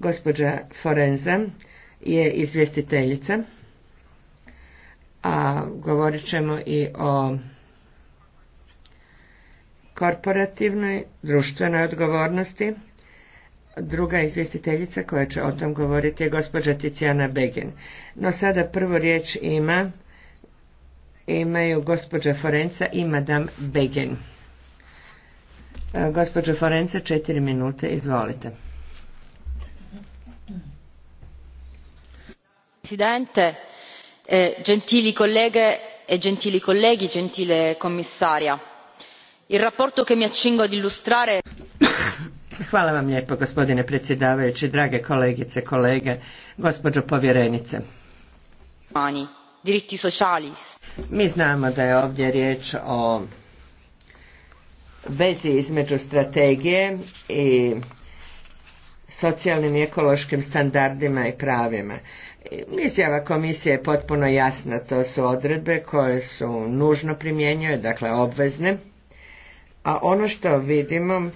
Gospođa Forenza je izvjestiteljica, a govorit ćemo i o korporativnoj društvenoj odgovornosti. Druga izvjestiteljica koja će o tom govoriti je gospođa Ticijana Begin. No sada prvo riječ ima imaju gospođa Forenca i madam Begin. E, gospođa Forenca, četiri minute, izvolite. presidente eh, gentili colleghe e gentili colleghi gentile commissaria il rapporto che mi accingo ad illustrare Hvala vam lijepo gospodine predsjedavajući, drage kolegice, kolege, gospođo povjerenice. Mi znamo da je ovdje riječ o vezi između strategije i socijalnim i ekološkim standardima i pravima. Izjava komisije je potpuno jasna, to su odredbe koje su nužno primjenjuje, dakle obvezne, a ono što vidimo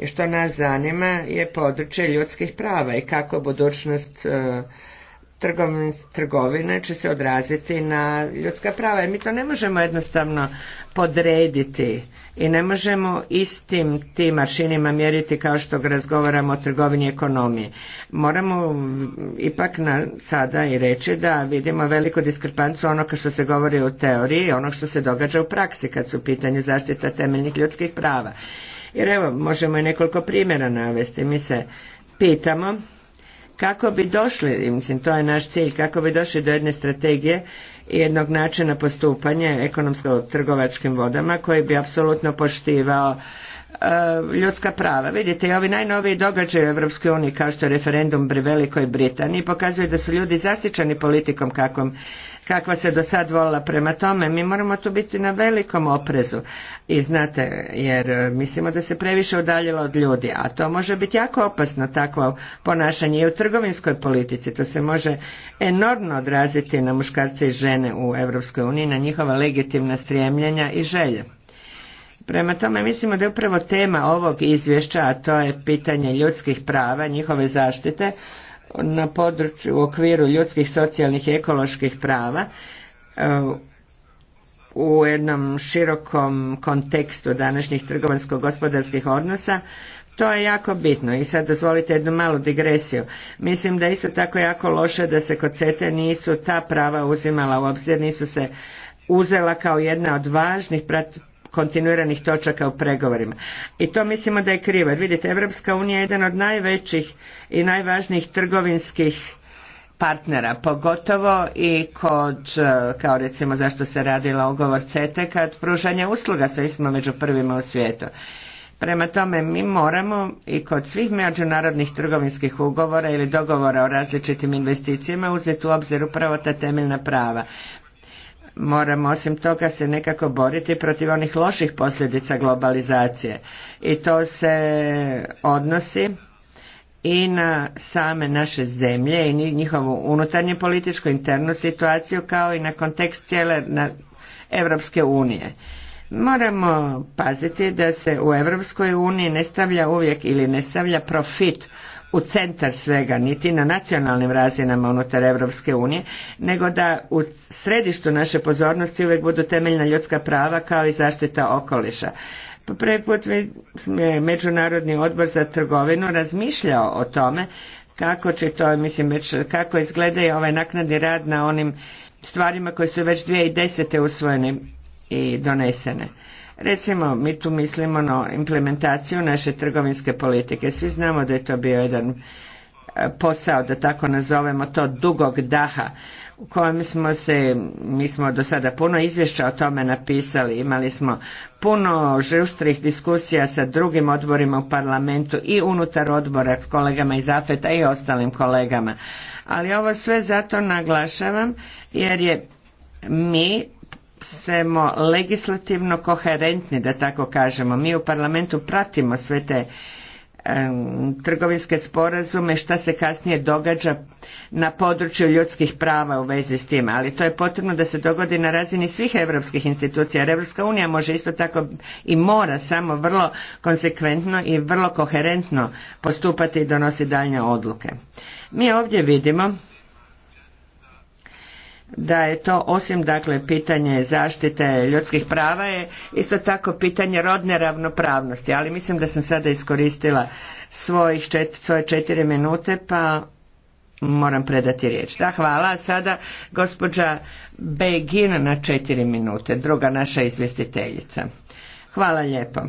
i što nas zanima je područje ljudskih prava i kako budućnost e, trgovine će se odraziti na ljudska prava. Jer mi to ne možemo jednostavno podrediti i ne možemo istim tim maršinima mjeriti kao što razgovaramo o trgovini i ekonomiji. Moramo ipak na, sada i reći da vidimo veliku diskrepancu onoga što se govori u teoriji i onog što se događa u praksi kad su u pitanju zaštita temeljnih ljudskih prava. Jer evo, možemo i nekoliko primjera navesti. Mi se pitamo kako bi došli, mislim to je naš cilj, kako bi došli do jedne strategije i jednog načina postupanja ekonomsko-trgovačkim vodama koji bi apsolutno poštivao eh, ljudska prava. Vidite, i ovi najnoviji događaji u Europskoj uniji, kao što je referendum pri Velikoj Britaniji, pokazuje da su ljudi zasičani politikom kakvom kakva se do sad volila. Prema tome, mi moramo tu biti na velikom oprezu. I znate, jer e, mislimo da se previše udaljilo od ljudi, a to može biti jako opasno takvo ponašanje i u trgovinskoj politici. To se može enormno odraziti na muškarce i žene u Europskoj uniji, na njihova legitimna strijemljenja i želje. Prema tome mislimo da je upravo tema ovog izvješća, a to je pitanje ljudskih prava, njihove zaštite, na području u okviru ljudskih, socijalnih i ekoloških prava e, u jednom širokom kontekstu današnjih trgovansko gospodarskih odnosa to je jako bitno i sad dozvolite jednu malu digresiju. Mislim da je isto tako jako loše da se kod CETE nisu ta prava uzimala u obzir, nisu se uzela kao jedna od važnih kontinuiranih točaka u pregovorima. I to mislimo da je krivo. vidite, Evropska unija je jedan od najvećih i najvažnijih trgovinskih partnera, pogotovo i kod, e, kao recimo zašto se radila ugovor CETA, kad pružanja usluga sa smo među prvima u svijetu. Prema tome, mi moramo i kod svih međunarodnih trgovinskih ugovora ili dogovora o različitim investicijama uzeti u obzir upravo ta temeljna prava moramo osim toga se nekako boriti protiv onih loših posljedica globalizacije i to se odnosi i na same naše zemlje i njihovu unutarnju političku internu situaciju kao i na kontekst cijele na Evropske unije. Moramo paziti da se u Evropskoj uniji ne stavlja uvijek ili ne stavlja profit u centar svega, niti na nacionalnim razinama unutar Europske unije, nego da u središtu naše pozornosti uvijek budu temeljna ljudska prava kao i zaštita okoliša. Prvi put je Međunarodni odbor za trgovinu razmišljao o tome kako će to, mislim, već kako izgledaju ovaj naknadni rad na onim stvarima koje su već 2010. usvojene i donesene. Recimo, mi tu mislimo na implementaciju naše trgovinske politike. Svi znamo da je to bio jedan e, posao, da tako nazovemo to, dugog daha u kojem smo se, mi smo do sada puno izvješća o tome napisali, imali smo puno žustrih diskusija sa drugim odborima u parlamentu i unutar odbora s kolegama iz AFETA i ostalim kolegama. Ali ovo sve zato naglašavam jer je mi smo legislativno koherentni, da tako kažemo. Mi u parlamentu pratimo sve te trgovinske sporazume šta se kasnije događa na području ljudskih prava u vezi s tim, ali to je potrebno da se dogodi na razini svih europskih institucija jer Europska unija može isto tako i mora samo vrlo konsekventno i vrlo koherentno postupati i donosi daljnje odluke. Mi ovdje vidimo da je to osim dakle pitanje zaštite ljudskih prava je isto tako pitanje rodne ravnopravnosti, ali mislim da sam sada iskoristila svojih svoje četiri minute pa moram predati riječ. Da, hvala. sada gospođa Begin na četiri minute, druga naša izvjestiteljica. Hvala lijepo.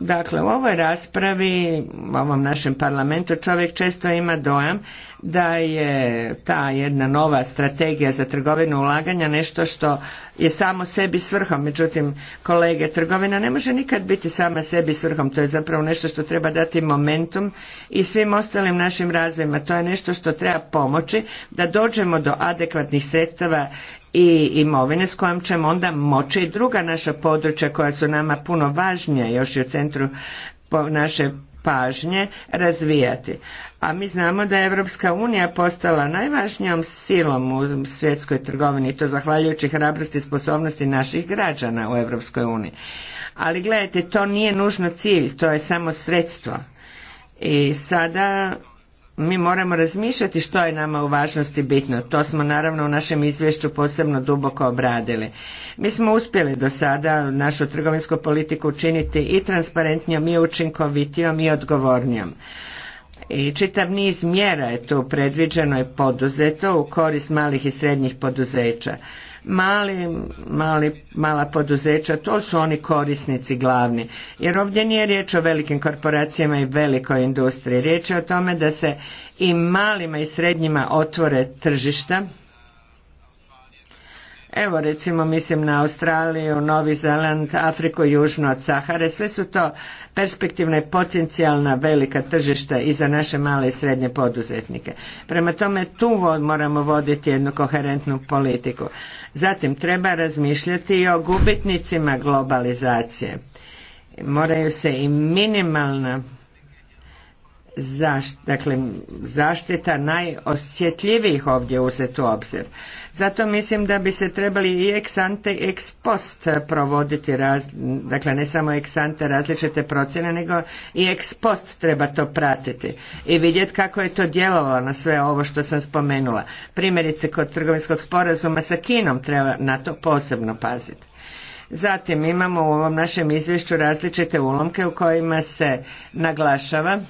Dakle, u ovoj raspravi, u ovom našem parlamentu, čovjek često ima dojam da je ta jedna nova strategija za trgovinu ulaganja nešto što je samo sebi svrhom. Međutim, kolege, trgovina ne može nikad biti sama sebi svrhom. To je zapravo nešto što treba dati momentum i svim ostalim našim razvojima. To je nešto što treba pomoći da dođemo do adekvatnih sredstava i imovine s kojom ćemo onda moći i druga naša područja koja su nama puno važnija još i u centru naše pažnje razvijati. A mi znamo da je Europska unija postala najvažnijom silom u svjetskoj trgovini i to zahvaljujući hrabrosti i sposobnosti naših građana u Europskoj uniji. Ali gledajte, to nije nužno cilj, to je samo sredstvo. I sada mi moramo razmišljati što je nama u važnosti bitno. To smo naravno u našem izvješću posebno duboko obradili. Mi smo uspjeli do sada našu trgovinsku politiku učiniti i transparentnijom i učinkovitijom i odgovornijom. I čitav niz mjera je tu predviđeno i poduzeto u korist malih i srednjih poduzeća mali, mali, mala poduzeća, to su oni korisnici glavni. Jer ovdje nije riječ o velikim korporacijama i velikoj industriji. Riječ je o tome da se i malima i srednjima otvore tržišta Evo recimo mislim na Australiju, Novi Zeland, Afriku južno od Sahare, sve su to perspektivna i potencijalna velika tržišta i za naše male i srednje poduzetnike. Prema tome tu moramo voditi jednu koherentnu politiku. Zatim treba razmišljati i o gubitnicima globalizacije. Moraju se i minimalna dakle, zaštita najosjetljivijih ovdje uzeti u obzir. Zato mislim da bi se trebali i ex ante i ex post provoditi, raz, dakle ne samo ex ante različite procjene, nego i ex post treba to pratiti i vidjeti kako je to djelovalo na sve ovo što sam spomenula. Primjerice kod trgovinskog sporazuma sa Kinom treba na to posebno paziti. Zatim imamo u ovom našem izvješću različite ulomke u kojima se naglašava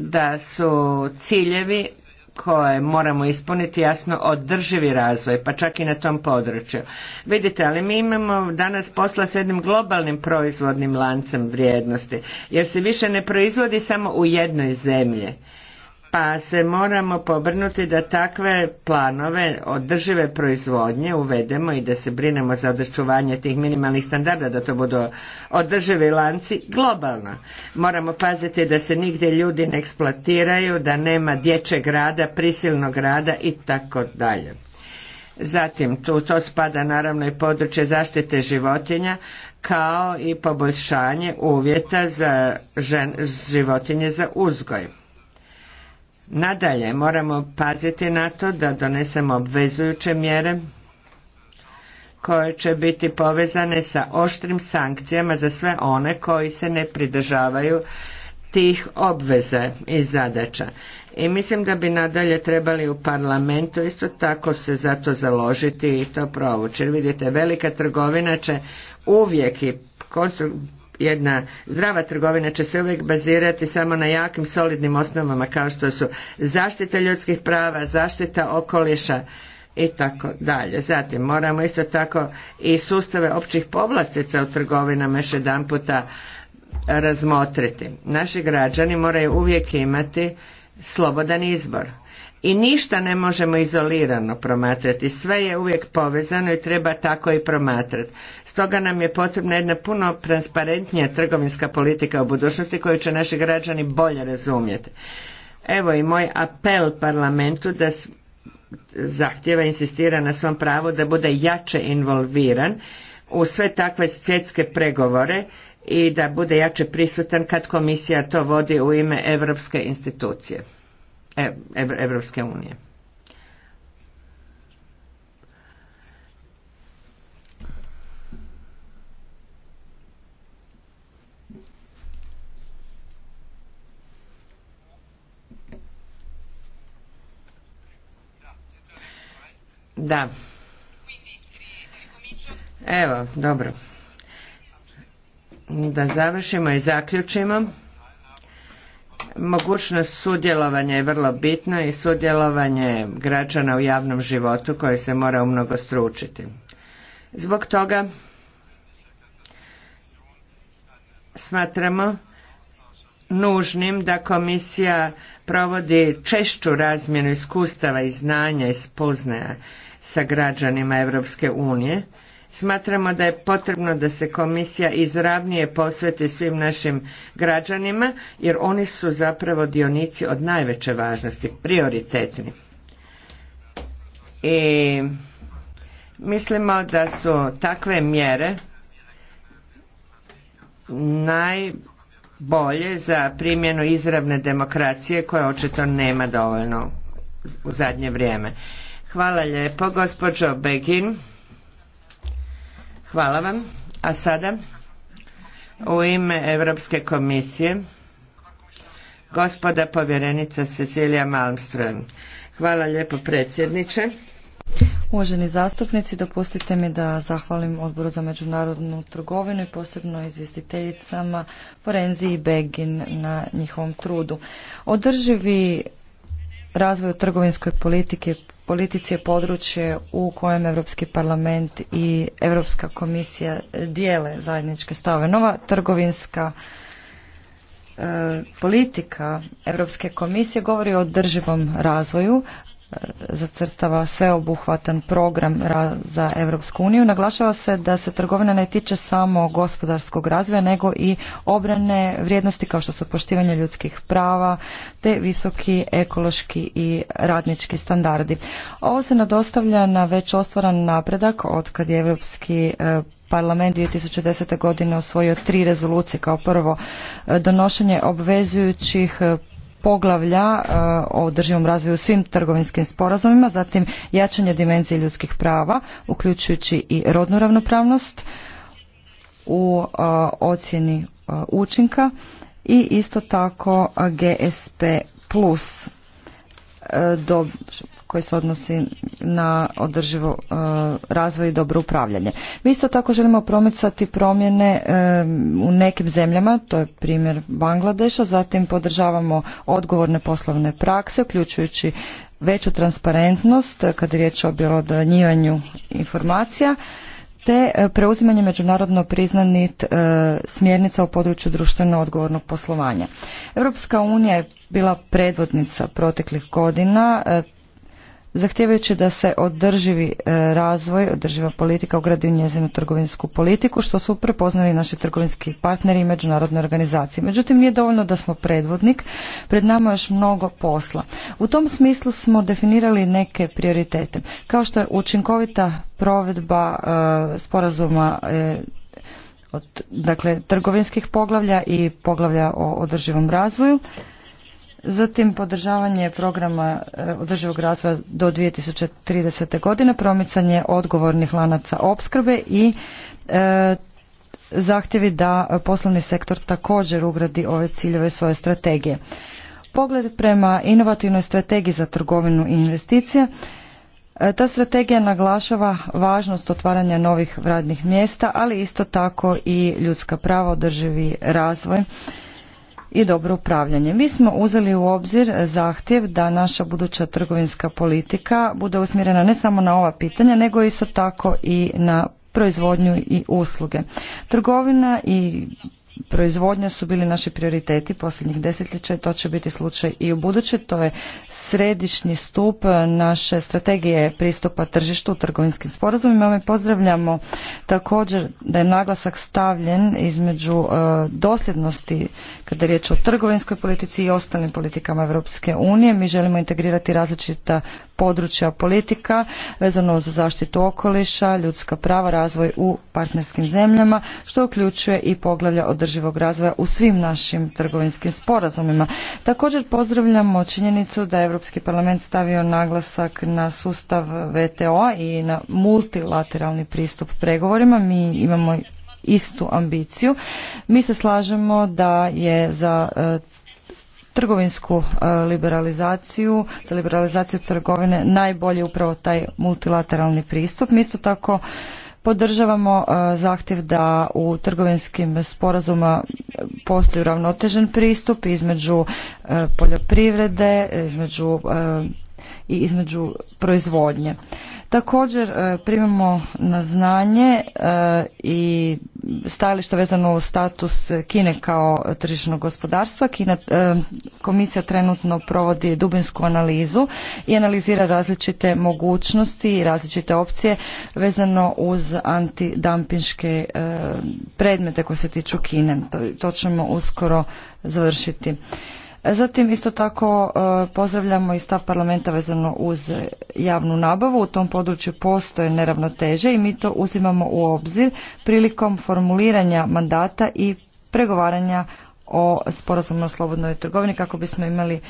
da su ciljevi koje moramo ispuniti jasno održivi razvoj, pa čak i na tom području. Vidite, ali mi imamo danas posla s jednim globalnim proizvodnim lancem vrijednosti, jer se više ne proizvodi samo u jednoj zemlji, pa se moramo pobrnuti da takve planove održive proizvodnje uvedemo i da se brinemo za odrčuvanje tih minimalnih standarda, da to budu održivi lanci globalno. Moramo paziti da se nigdje ljudi ne eksploatiraju, da nema dječjeg rada, prisilnog rada i tako dalje. Zatim, tu to spada naravno i područje zaštite životinja, kao i poboljšanje uvjeta za životinje za uzgoj. Nadalje, moramo paziti na to da donesemo obvezujuće mjere koje će biti povezane sa oštrim sankcijama za sve one koji se ne pridržavaju tih obveza i zadaća. I mislim da bi nadalje trebali u parlamentu isto tako se za to založiti i to provući. Vidite, velika trgovina će uvijek i jedna zdrava trgovina će se uvijek bazirati samo na jakim solidnim osnovama kao što su zaštita ljudskih prava, zaštita okoliša i tako dalje. Zatim moramo isto tako i sustave općih povlastica u trgovinama još jedan puta razmotriti. Naši građani moraju uvijek imati slobodan izbor i ništa ne možemo izolirano promatrati, sve je uvijek povezano i treba tako i promatrati. Stoga nam je potrebna jedna puno transparentnija trgovinska politika u budućnosti koju će naši građani bolje razumjeti. Evo i moj apel parlamentu da zahtjeva insistira na svom pravu da bude jače involviran u sve takve svjetske pregovore i da bude jače prisutan kad komisija to vodi u ime europske institucije. E, Evropske unije. Da. Evo, dobro. Da završimo i zaključimo. Mogućnost sudjelovanja je vrlo bitna i sudjelovanje građana u javnom životu koje se mora umnogo stručiti. Zbog toga smatramo nužnim da komisija provodi češću razmjenu iskustava i znanja i spoznaja sa građanima Europske unije Smatramo da je potrebno da se komisija izravnije posveti svim našim građanima jer oni su zapravo dionici od najveće važnosti, prioritetni. I mislimo da su takve mjere najbolje za primjenu izravne demokracije koja očito nema dovoljno u zadnje vrijeme. Hvala lijepo gospođo Begin. Hvala vam. A sada u ime Europske komisije gospoda povjerenica Cecilija Malmström. Hvala lijepo predsjedniče. Uvaženi zastupnici, dopustite mi da zahvalim Odboru za međunarodnu trgovinu i posebno izvjestiteljicama Forenzi i Begin na njihovom trudu. Održivi razvoj trgovinskoj politike politici je područje u kojem Europski parlament i Europska komisija dijele zajedničke stave. Nova trgovinska e, politika Europske komisije govori o održivom razvoju, zacrtava sveobuhvatan program za Europsku uniju. Naglašava se da se trgovina ne tiče samo gospodarskog razvoja, nego i obrane vrijednosti kao što su poštivanje ljudskih prava, te visoki ekološki i radnički standardi. Ovo se nadostavlja na već ostvaran napredak od kad je Europski e, parlament 2010. godine osvojio tri rezolucije kao prvo e, donošenje obvezujućih e, poglavlja e, o održivom razvoju u svim trgovinskim sporazumima, zatim jačanje dimenzije ljudskih prava, uključujući i rodnu ravnopravnost u e, ocjeni e, učinka i isto tako GSP plus do, koji se odnosi na održivo e, razvoj i dobro upravljanje. Mi isto tako želimo promicati promjene e, u nekim zemljama, to je primjer Bangladeša, zatim podržavamo odgovorne poslovne prakse, uključujući veću transparentnost kad je riječ o objelodanjivanju informacija te e, preuzimanje međunarodno priznanih e, smjernica u području društveno odgovornog poslovanja. Europska unija je bila predvodnica proteklih godina e, zahtijevajući da se održivi e, razvoj, održiva politika ugradi u njezinu trgovinsku politiku, što su prepoznali naši trgovinski partneri i međunarodne organizacije. Međutim, nije dovoljno da smo predvodnik, pred nama je još mnogo posla. U tom smislu smo definirali neke prioritete, kao što je učinkovita provedba e, sporazuma e, od, dakle, trgovinskih poglavlja i poglavlja o održivom razvoju, Zatim podržavanje programa e, održivog razvoja do 2030. godine, promicanje odgovornih lanaca opskrbe i e, zahtjevi da poslovni sektor također ugradi ove ciljeve svoje strategije. Pogled prema inovativnoj strategiji za trgovinu i investicije. E, ta strategija naglašava važnost otvaranja novih radnih mjesta, ali isto tako i ljudska prava, održivi razvoj i dobro upravljanje. Mi smo uzeli u obzir zahtjev da naša buduća trgovinska politika bude usmjerena ne samo na ova pitanja, nego isto tako i na proizvodnju i usluge. Trgovina i proizvodnja su bili naši prioriteti posljednjih desetljeća i to će biti slučaj i u buduće. To je središnji stup naše strategije pristupa tržištu u trgovinskim sporazumima. Mi pozdravljamo također da je naglasak stavljen između e, dosljednosti kada je riječ o trgovinskoj politici i ostalim politikama Europske unije. Mi želimo integrirati različita područja politika vezano za zaštitu okoliša, ljudska prava, razvoj u partnerskim zemljama, što uključuje i poglavlja o živog razvoja u svim našim trgovinskim sporazumima. Također pozdravljamo činjenicu da je Europski parlament stavio naglasak na sustav VTO i na multilateralni pristup pregovorima. Mi imamo istu ambiciju. Mi se slažemo da je za e, trgovinsku e, liberalizaciju, za liberalizaciju trgovine najbolji upravo taj multilateralni pristup. Mi isto tako Podržavamo e, zahtjev da u trgovinskim sporazuma postoji ravnotežen pristup između e, poljoprivrede, između e, i između proizvodnje. Također e, primamo na znanje e, i stajalište vezano u status Kine kao tržišnog gospodarstva. Kina, e, komisija trenutno provodi dubinsku analizu i analizira različite mogućnosti i različite opcije vezano uz antidampinške predmete koje se tiču Kine. To ćemo uskoro završiti. Zatim isto tako e, pozdravljamo i stav parlamenta vezano uz javnu nabavu. U tom području postoje neravnoteže i mi to uzimamo u obzir prilikom formuliranja mandata i pregovaranja o sporazumu o slobodnoj trgovini kako bismo imali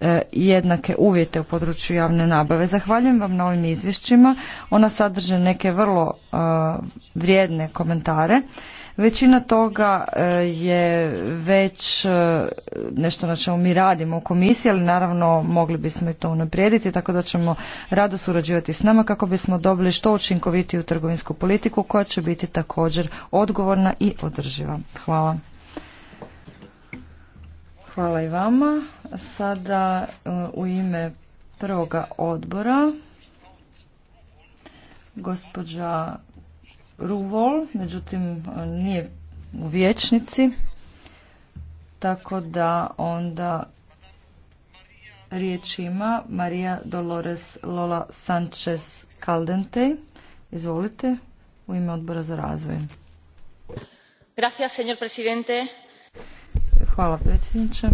e, jednake uvjete u području javne nabave. Zahvaljujem vam na ovim izvješćima. Ona sadrže neke vrlo e, vrijedne komentare Većina toga e, je već e, nešto na čemu mi radimo u komisiji, ali naravno mogli bismo i to unaprijediti, tako da ćemo rado surađivati s nama kako bismo dobili što učinkovitiju trgovinsku politiku koja će biti također odgovorna i održiva. Hvala. Hvala i vama. Sada e, u ime prvoga odbora gospođa Ruvol, međutim e, nije u vječnici, tako da onda riječ ima Marija Dolores Lola Sanchez Caldente. Izvolite, u ime odbora za razvoj. Gracias, señor Hvala predsjedniče.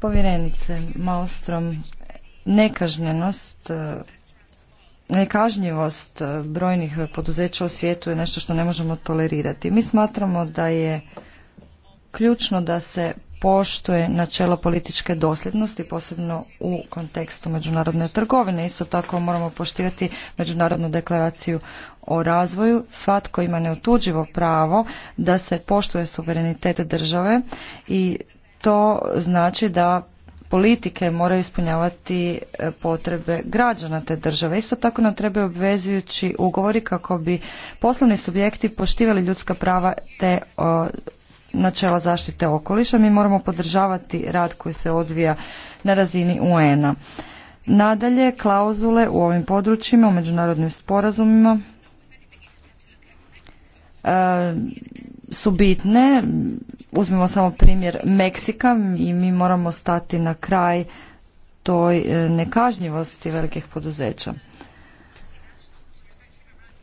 Povjerenice Malstrom, nekažnjenost e, nekažnjivost e, brojnih e, poduzeća u svijetu je nešto što ne možemo tolerirati. Mi smatramo da je ključno da se poštuje načelo političke dosljednosti, posebno u kontekstu međunarodne trgovine. Isto tako moramo poštivati međunarodnu deklaraciju o razvoju. Svatko ima neotuđivo pravo da se poštuje suverenitet države i to znači da politike moraju ispunjavati e, potrebe građana te države. Isto tako nam trebaju obvezujući ugovori kako bi poslovni subjekti poštivali ljudska prava te načela zaštite okoliša. Mi moramo podržavati rad koji se odvija na razini UN-a. Nadalje, klauzule u ovim područjima, u međunarodnim sporazumima, E, su bitne. Uzmimo samo primjer Meksika i mi moramo stati na kraj toj e, nekažnjivosti velikih poduzeća.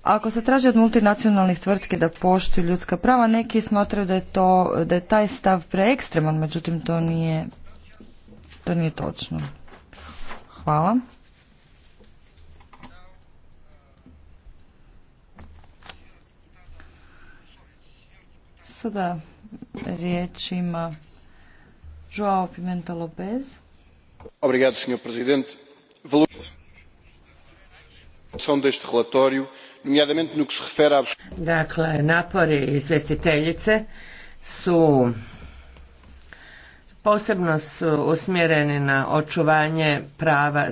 Ako se traži od multinacionalnih tvrtki da poštuju ljudska prava, neki smatraju da je, to, da je taj stav preekstreman, međutim to nije, to nije točno. Hvala. da riječ ima Joao Pimenta Lopez. Obrigado, senhor presidente. Dakle, napori izvjestiteljice su posebno su usmjereni na očuvanje prava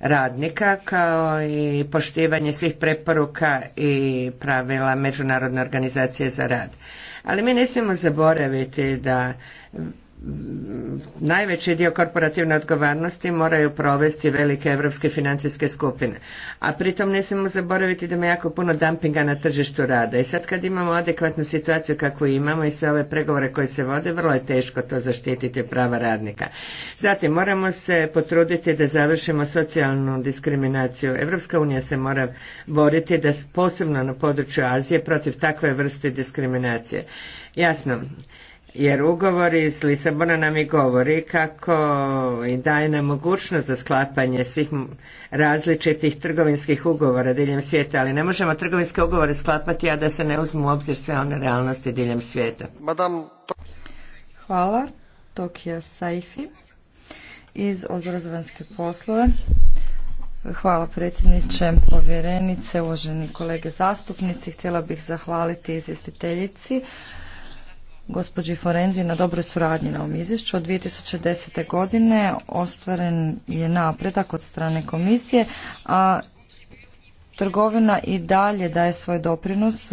radnika kao i poštivanje svih preporuka i pravila Međunarodne organizacije za rad. Ali mi ne smijemo zaboraviti da najveći dio korporativne odgovornosti moraju provesti velike europske financijske skupine. A pritom ne smijemo zaboraviti da ima jako puno dumpinga na tržištu rada. I sad kad imamo adekvatnu situaciju kakvu imamo i sve ove pregovore koje se vode, vrlo je teško to zaštititi prava radnika. Zatim moramo se potruditi da završimo socijalnu diskriminaciju. Evropska unija se mora boriti da posebno na području Azije protiv takve vrste diskriminacije. Jasno, jer ugovor iz Lisabona nam i govori kako i daje nam mogućnost za sklapanje svih različitih trgovinskih ugovora diljem svijeta, ali ne možemo trgovinske ugovore sklapati, a da se ne uzmu u obzir sve one realnosti diljem svijeta. Hvala. Tokija Saifi iz Odbora za vanjske poslove. Hvala predsjedniče, povjerenice, uvaženi kolege zastupnici. Htjela bih zahvaliti izvjestiteljici gospođi Forenzi na dobroj suradnji na ovom izvješću. Od 2010. godine ostvaren je napredak od strane komisije, a trgovina i dalje daje svoj doprinos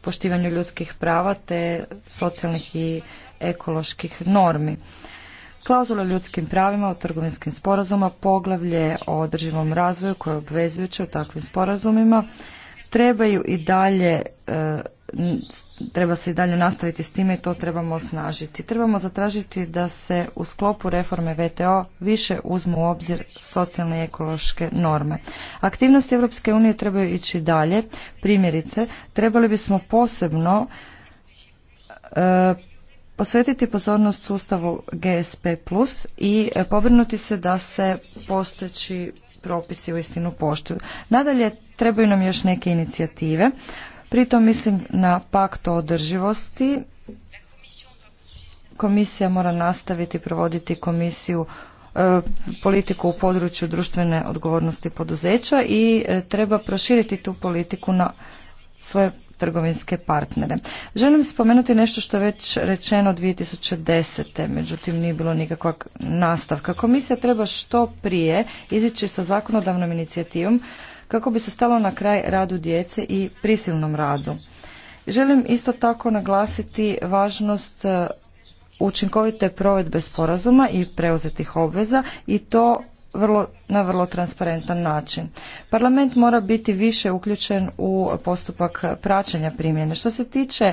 poštivanju ljudskih prava te socijalnih i ekoloških normi. Klauzula o ljudskim pravima u trgovinskim sporazuma, poglavlje o održivom razvoju koje je obvezujuće u takvim sporazumima, trebaju i dalje e, treba se i dalje nastaviti s time i to trebamo osnažiti. Trebamo zatražiti da se u sklopu reforme VTO više uzmu u obzir socijalne i ekološke norme. Aktivnosti Europske unije trebaju ići dalje. Primjerice, trebali bismo posebno e, posvetiti pozornost sustavu GSP plus i e, pobrinuti se da se postojeći propisi u istinu poštuju. Nadalje, trebaju nam još neke inicijative. Pritom mislim na pakt o održivosti. Komisija mora nastaviti provoditi komisiju e, politiku u području društvene odgovornosti poduzeća i e, treba proširiti tu politiku na svoje trgovinske partnere. Želim spomenuti nešto što je već rečeno 2010. Međutim, nije bilo nikakvog nastavka. Komisija treba što prije izići sa zakonodavnom inicijativom kako bi se stalo na kraj radu djece i prisilnom radu. Želim isto tako naglasiti važnost e, učinkovite provedbe sporazuma i preuzetih obveza i to vrlo, na vrlo transparentan način. Parlament mora biti više uključen u postupak praćenja primjene. Što se tiče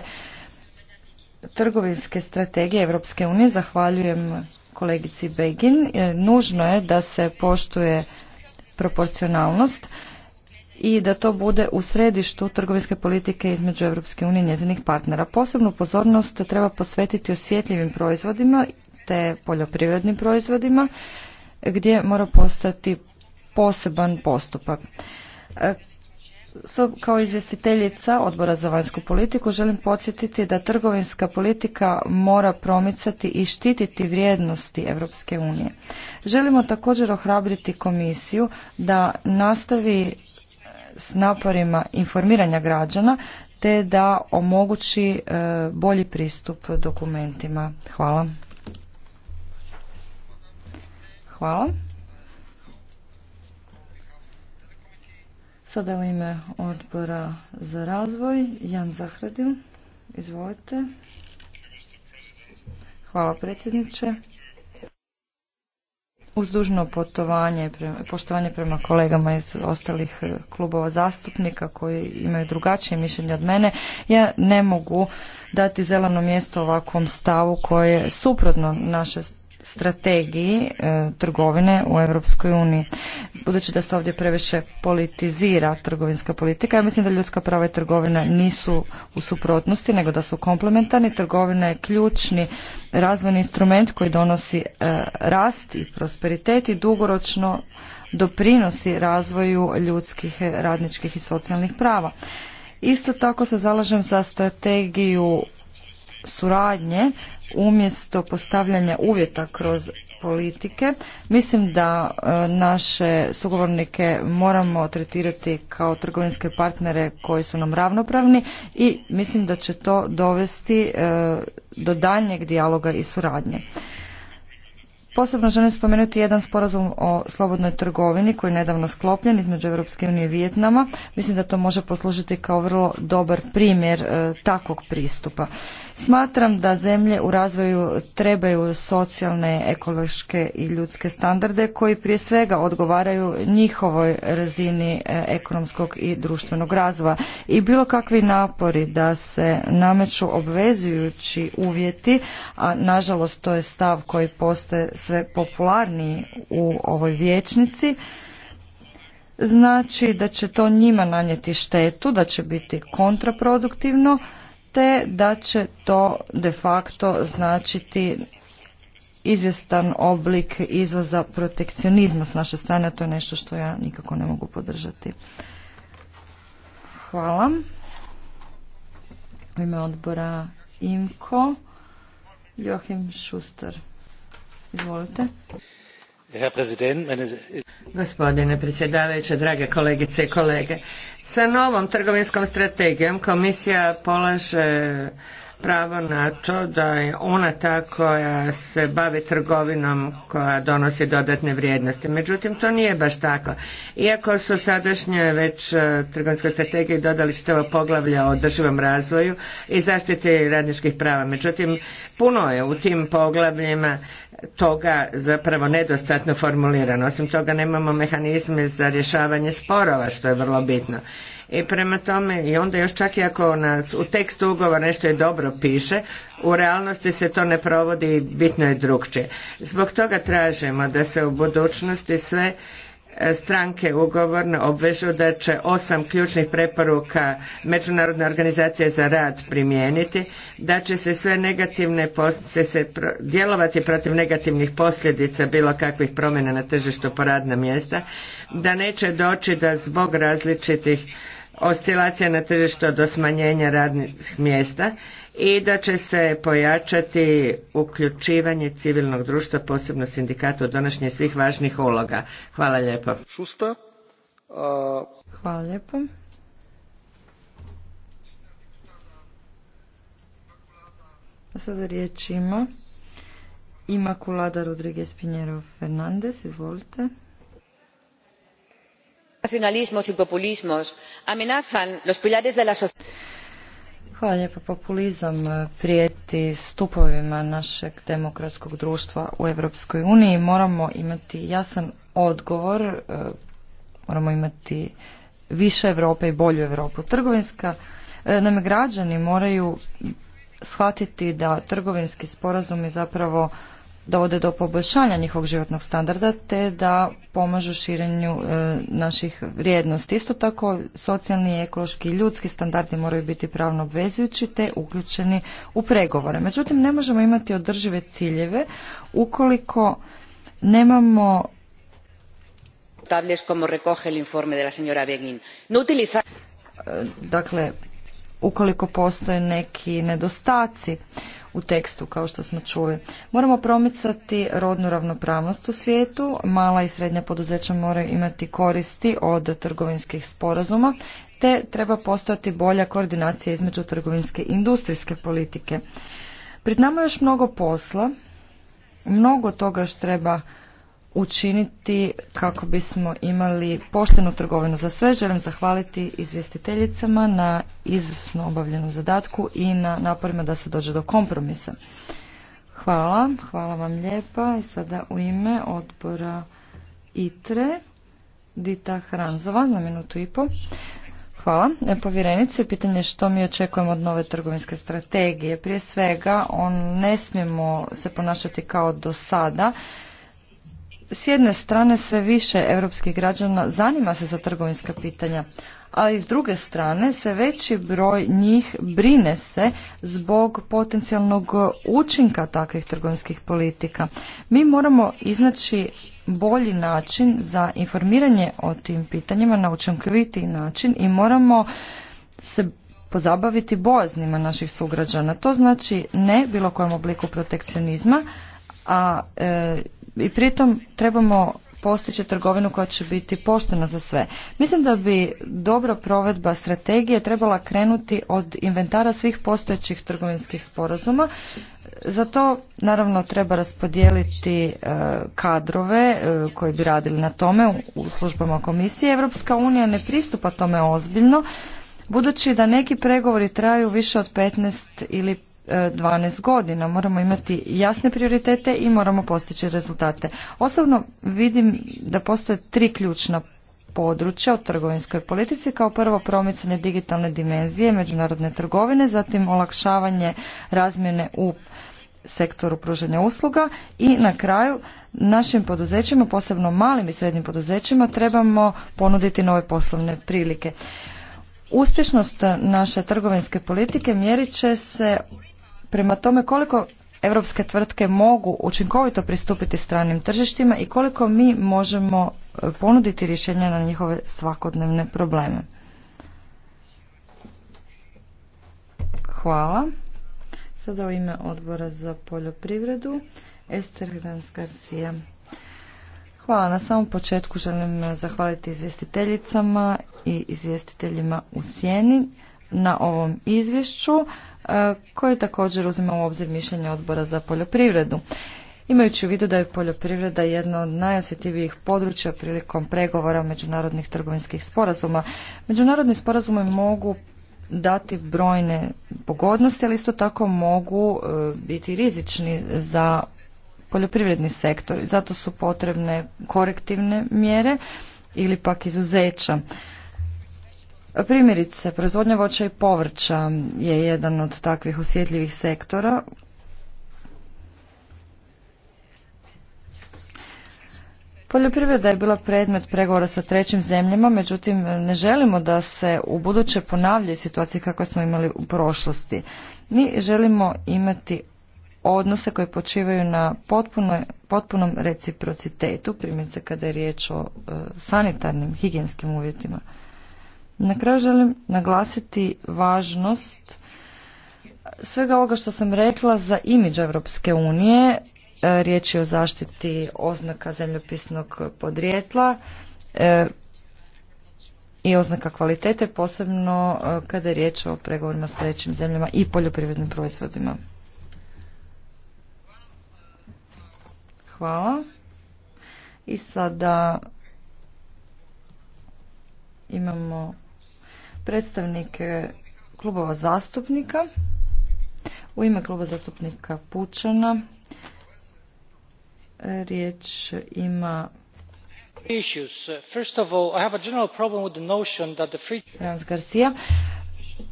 trgovinske strategije Europske unije, zahvaljujem kolegici Begin. E, nužno je da se poštuje proporcionalnost i da to bude u središtu trgovinske politike između Europske unije i njezinih partnera. Posebnu pozornost treba posvetiti osjetljivim proizvodima te poljoprivrednim proizvodima gdje mora postati poseban postupak. E, kao izvjestiteljica Odbora za vanjsku politiku želim podsjetiti da trgovinska politika mora promicati i štititi vrijednosti Europske unije. Želimo također ohrabriti komisiju da nastavi s naporima informiranja građana te da omogući e, bolji pristup dokumentima. Hvala. Hvala. Sada u ime odbora za razvoj, Jan Zahradil, izvolite. Hvala predsjedniče. Uz potovanje poštovanje prema kolegama iz ostalih e, klubova zastupnika koji imaju drugačije mišljenje od mene, ja ne mogu dati zeleno mjesto ovakvom stavu koje je suprotno naše strategiji e, trgovine u Europskoj uniji. Budući da se ovdje previše politizira trgovinska politika, ja mislim da ljudska prava i trgovina nisu u suprotnosti, nego da su komplementarni. Trgovina je ključni razvojni instrument koji donosi e, rast i prosperitet i dugoročno doprinosi razvoju ljudskih, e, radničkih i socijalnih prava. Isto tako se zalažem za strategiju suradnje umjesto postavljanja uvjeta kroz politike. Mislim da e, naše sugovornike moramo tretirati kao trgovinske partnere koji su nam ravnopravni i mislim da će to dovesti e, do daljnjeg dijaloga i suradnje. Posebno želim spomenuti jedan sporazum o slobodnoj trgovini koji je nedavno sklopljen između Europske unije i Vijetnama. Mislim da to može poslužiti kao vrlo dobar primjer e, takvog pristupa. Smatram da zemlje u razvoju trebaju socijalne, ekološke i ljudske standarde koji prije svega odgovaraju njihovoj razini e, ekonomskog i društvenog razvoja i bilo kakvi napori da se nameću obvezujući uvjeti, a nažalost to je stav koji postaje sve popularniji u ovoj vječnici, znači da će to njima nanijeti štetu, da će biti kontraproduktivno te da će to de facto značiti izvjestan oblik izlaza protekcionizma s naše strane, to je nešto što ja nikako ne mogu podržati. Hvala. U ime odbora IMKO, Joachim Schuster, Izvolite. Gospodine predsjedavajući, drage kolegice i kolege. Sa novom trgovinskom strategijom komisija polaže pravo na to da je ona ta koja se bavi trgovinom koja donosi dodatne vrijednosti. Međutim, to nije baš tako. Iako su sadašnje već e, trgovinskoj strategiji dodali čitavo poglavlja o održivom razvoju i zaštiti radničkih prava. Međutim, puno je u tim poglavljima toga zapravo nedostatno formulirano. Osim toga nemamo mehanizme za rješavanje sporova, što je vrlo bitno i prema tome i onda još čak i ako na, u tekstu ugovora nešto je dobro piše u realnosti se to ne provodi i bitno je drukčije. Zbog toga tražimo da se u budućnosti sve e, stranke ugovorne obvežu da će osam ključnih preporuka Međunarodne organizacije za rad primijeniti, da će se sve negativne se djelovati protiv negativnih posljedica bilo kakvih promjena na tržištu po radna mjesta, da neće doći da zbog različitih oscilacija na tržištu do smanjenja radnih mjesta i da će se pojačati uključivanje civilnog društva, posebno sindikata u donošenje svih važnih uloga. Hvala lijepo. Šusta. A... Hvala lijepo. A sada riječ ima Imakulada Rodriguez Pinjero Fernandez, izvolite nacionalismos i populismos amenazan los pilares de la Hvala lijepo. Populizam eh, prijeti stupovima našeg demokratskog društva u Europskoj uniji. Moramo imati jasan odgovor, eh, moramo imati više Europe i bolju Europu. Trgovinska, eh, naime građani moraju shvatiti da trgovinski sporazumi zapravo dovode do poboljšanja njihovog životnog standarda te da pomažu širenju e, naših vrijednosti. Isto tako socijalni, ekološki i ljudski standardi moraju biti pravno obvezujući te uključeni u pregovore. Međutim, ne možemo imati održive ciljeve ukoliko nemamo informe e, Dakle, ukoliko postoje neki nedostaci u tekstu, kao što smo čuli. Moramo promicati rodnu ravnopravnost u svijetu. Mala i srednja poduzeća moraju imati koristi od trgovinskih sporazuma, te treba postojati bolja koordinacija između trgovinske i industrijske politike. Pred nama je još mnogo posla, mnogo toga što treba učiniti kako bismo imali poštenu trgovinu za sve. Želim zahvaliti izvjestiteljicama na izvrsno obavljenom zadatku i na naporima da se dođe do kompromisa. Hvala, hvala vam lijepa i sada u ime odbora ITRE Dita Hranzova na minutu i po. Hvala. E, povjerenice, pitanje je što mi očekujemo od nove trgovinske strategije. Prije svega, on ne smijemo se ponašati kao do sada s jedne strane sve više europskih građana zanima se za trgovinska pitanja, ali s druge strane sve veći broj njih brine se zbog potencijalnog učinka takvih trgovinskih politika. Mi moramo iznaći bolji način za informiranje o tim pitanjima na učinkovitiji način i moramo se pozabaviti bojaznima naših sugrađana. To znači ne bilo kojem obliku protekcionizma, a e, i pritom trebamo postići trgovinu koja će biti poštena za sve. Mislim da bi dobra provedba strategije trebala krenuti od inventara svih postojećih trgovinskih sporazuma. Za to naravno treba raspodijeliti e, kadrove e, koji bi radili na tome u službama komisije. Europska unija ne pristupa tome ozbiljno budući da neki pregovori traju više od 15 ili 12 godina. Moramo imati jasne prioritete i moramo postići rezultate. Osobno vidim da postoje tri ključna područja u trgovinskoj politici kao prvo promicanje digitalne dimenzije međunarodne trgovine, zatim olakšavanje razmjene u sektoru pružanja usluga i na kraju našim poduzećima, posebno malim i srednjim poduzećima, trebamo ponuditi nove poslovne prilike. Uspješnost naše trgovinske politike mjerit će se prema tome koliko europske tvrtke mogu učinkovito pristupiti stranim tržištima i koliko mi možemo e, ponuditi rješenja na njihove svakodnevne probleme. Hvala. Sada u ime odbora za poljoprivredu, Ester Garcija. Hvala. Na samom početku želim e, zahvaliti izvjestiteljicama i izvjestiteljima u Sjeni na ovom izvješću. E, koje također uzima u obzir mišljenje odbora za poljoprivredu. Imajući u vidu da je poljoprivreda jedno od najosjetljivijih područja prilikom pregovora međunarodnih trgovinskih sporazuma, međunarodni sporazumi mogu dati brojne pogodnosti, ali isto tako mogu e, biti rizični za poljoprivredni sektor. Zato su potrebne korektivne mjere ili pak izuzeća. Primjerice, proizvodnja voća i povrća je jedan od takvih osjetljivih sektora Poljoprivreda je bila predmet pregovora sa trećim zemljama, međutim ne želimo da se u buduće ponavljaju situacije kakve smo imali u prošlosti. Mi želimo imati odnose koji počivaju na potpuno, potpunom reciprocitetu, primjerice kada je riječ o e, sanitarnim, higijenskim uvjetima. Na kraju želim naglasiti važnost svega ovoga što sam rekla za imidž Europske unije. E, riječ je o zaštiti oznaka zemljopisnog podrijetla e, i oznaka kvalitete, posebno e, kada je riječ o pregovorima s trećim zemljama i poljoprivrednim proizvodima. Hvala. I sada imamo Predstavnik eh, klubova zastupnika. U ime kluba zastupnika Pučana eh, riječ ima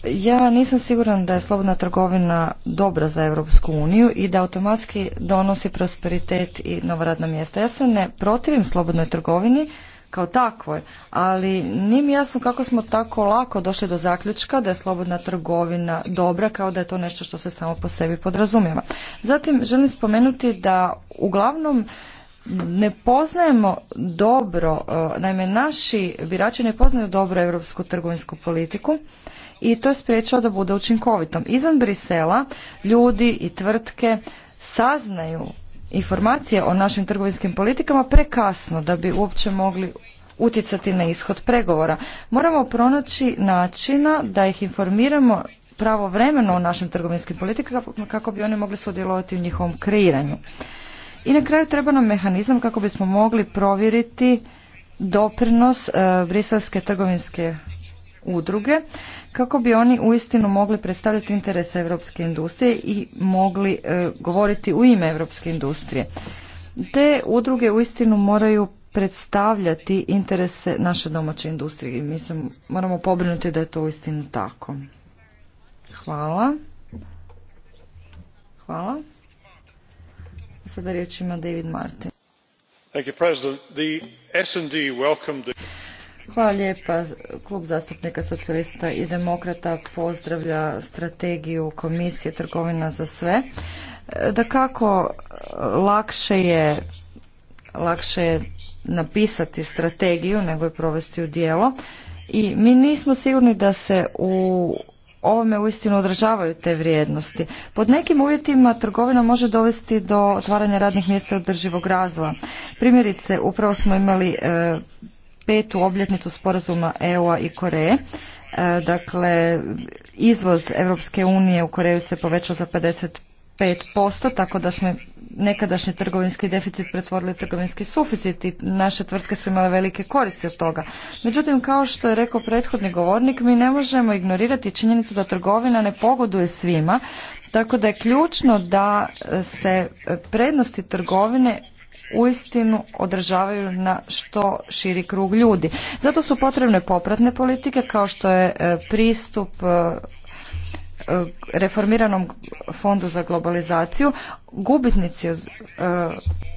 Ja nisam siguran da je slobodna trgovina dobra za Europsku uniju i da automatski donosi prosperitet i nova radna mjesta. Ja se ne protivim slobodnoj trgovini, kao takvoj, ali nije mi jasno kako smo tako lako došli do zaključka da je slobodna trgovina dobra kao da je to nešto što se samo po sebi podrazumijeva. Zatim želim spomenuti da uglavnom ne poznajemo dobro, e, naime naši birači ne poznaju dobro europsku trgovinsku politiku i to je spriječalo da bude učinkovitom. Izvan Brisela ljudi i tvrtke saznaju informacije o našim trgovinskim politikama prekasno da bi uopće mogli utjecati na ishod pregovora. Moramo pronaći načina da ih informiramo pravovremeno o našim trgovinskim politikama kako bi oni mogli sudjelovati u njihovom kreiranju. I na kraju treba nam mehanizam kako bismo mogli provjeriti doprinos e, briselske trgovinske udruge kako bi oni uistinu mogli predstavljati interese europske industrije i mogli e, govoriti u ime europske industrije. Te udruge uistinu moraju predstavljati interese naše domaće industrije Mislim, moramo pobrinuti da je to uistinu tako. Hvala. Hvala. Sada riječ ima David Martin. Hvala lijepa. Klub zastupnika socijalista i demokrata pozdravlja strategiju Komisije trgovina za sve. Da kako lakše je, lakše je napisati strategiju nego je provesti u djelo i mi nismo sigurni da se u ovome uistinu održavaju te vrijednosti. Pod nekim uvjetima trgovina može dovesti do otvaranja radnih mjesta održivog razvoja. Primjerice, upravo smo imali e, pet obljetnicu sporazuma EU-a i Koreje. E, dakle, izvoz Europske unije u Koreju se povećao za 55%, tako da smo nekadašnji trgovinski deficit pretvorili u trgovinski suficit i naše tvrtke su imale velike koristi od toga. Međutim, kao što je rekao prethodni govornik, mi ne možemo ignorirati činjenicu da trgovina ne pogoduje svima, tako da je ključno da se prednosti trgovine uistinu održavaju na što širi krug ljudi. Zato su potrebne popratne politike kao što je e, pristup e, e, reformiranom fondu za globalizaciju gubitnici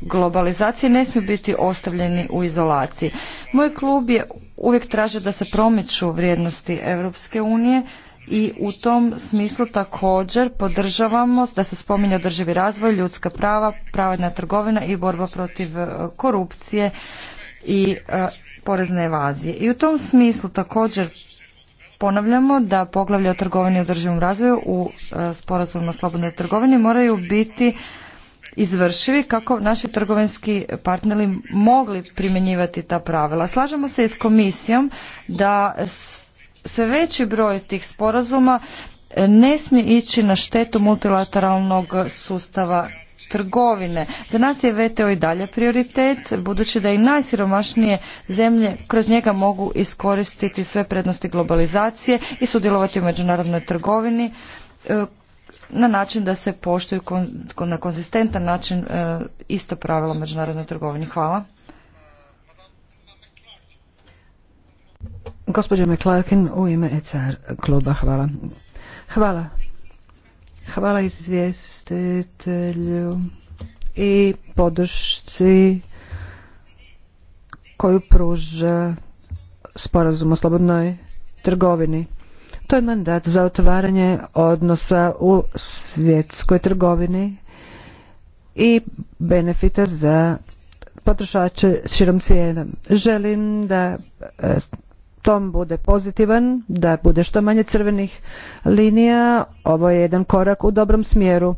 globalizacije ne smiju biti ostavljeni u izolaciji. Moj klub je uvijek tražio da se promiču vrijednosti Europske unije i u tom smislu također podržavamo da se spominje održivi razvoj, ljudska prava, pravedna trgovina i borba protiv e, korupcije i e, porezne evazije. I u tom smislu također ponavljamo da poglavlje o trgovini i održivom razvoju u e, sporazumu o slobodnoj trgovini moraju biti izvršivi kako naši trgovinski partneri mogli primjenjivati ta pravila. Slažemo se i s komisijom da sve veći broj tih sporazuma e, ne smije ići na štetu multilateralnog sustava trgovine. Za nas je VTO i dalje prioritet, budući da i najsiromašnije zemlje kroz njega mogu iskoristiti sve prednosti globalizacije i sudjelovati u međunarodnoj trgovini e, na način da se poštuju na konzistentan način e, isto pravilo međunarodnoj trgovini. Hvala. Gospođa McClarkin u ime ECR kluba, hvala. Hvala. Hvala izvjestitelju i podršci koju pruža sporazum o slobodnoj trgovini. To je mandat za otvaranje odnosa u svjetskoj trgovini i benefita za potrošače širom cijena. Želim da e, tom bude pozitivan, da bude što manje crvenih linija. Ovo je jedan korak u dobrom smjeru.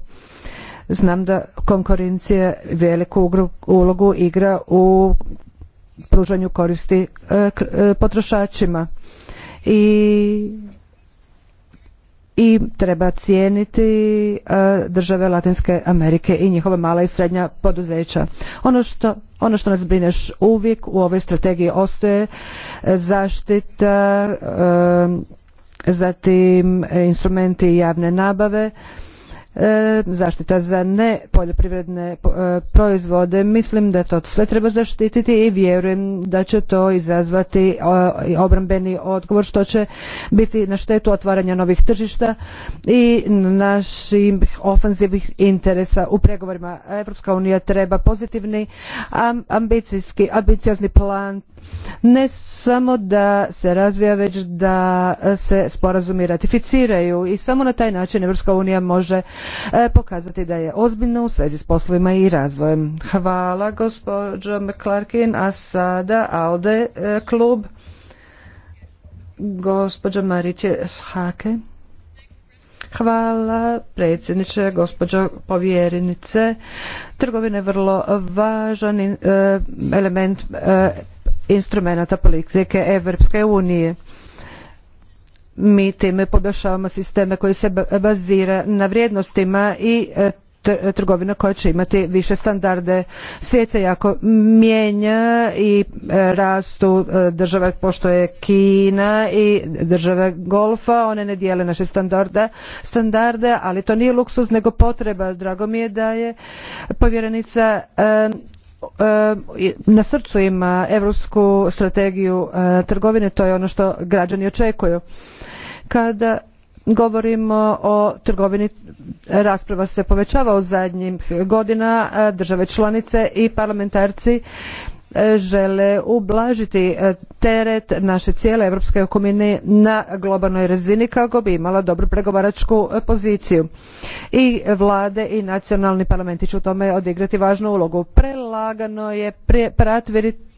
Znam da konkurencija veliku ulogu igra u pružanju koristi e, e, potrošačima i i treba cijeniti e, države Latinske Amerike i njihova mala i srednja poduzeća. Ono što ono što nas brine uvijek u ovoj strategiji ostaje e, zaštita, e, zatim instrumenti javne nabave, E, zaštita za nepoljoprivredne e, proizvode. Mislim da to sve treba zaštititi i vjerujem da će to izazvati obrambeni odgovor što će biti na štetu otvaranja novih tržišta i naših ofanzivnih interesa u pregovorima. Europska unija treba pozitivni, ambiciozni plan ne samo da se razvija već da se sporazumi ratificiraju i samo na taj način Evropska unija može e, pokazati da je ozbiljna u svezi s poslovima i razvojem. Hvala gospođo McClarkin, a sada Alde e, klub gospođa Mariće Shake. Hvala predsjedniče, gospođo povjerenice. Trgovina je vrlo važan e, element instrumenata politike Evropske unije. Mi time poboljšavamo sisteme koji se bazira na vrijednostima i e, trgovina koja će imati više standarde. Svijet se jako mijenja i e, rastu e, države pošto je Kina i države golfa, one ne dijele naše standarde, standarde ali to nije luksuz nego potreba. Drago mi je da je povjerenica E, na srcu ima europsku strategiju e, trgovine, to je ono što građani očekuju. Kada govorimo o trgovini, rasprava se povećava u zadnjih godina, e, države članice i parlamentarci žele ublažiti e, teret naše cijele Europske komisije na globalnoj razini kako bi imala dobru pregovaračku e, poziciju. I vlade i nacionalni parlamenti će u tome odigrati važnu ulogu. Prelagano je pratveriti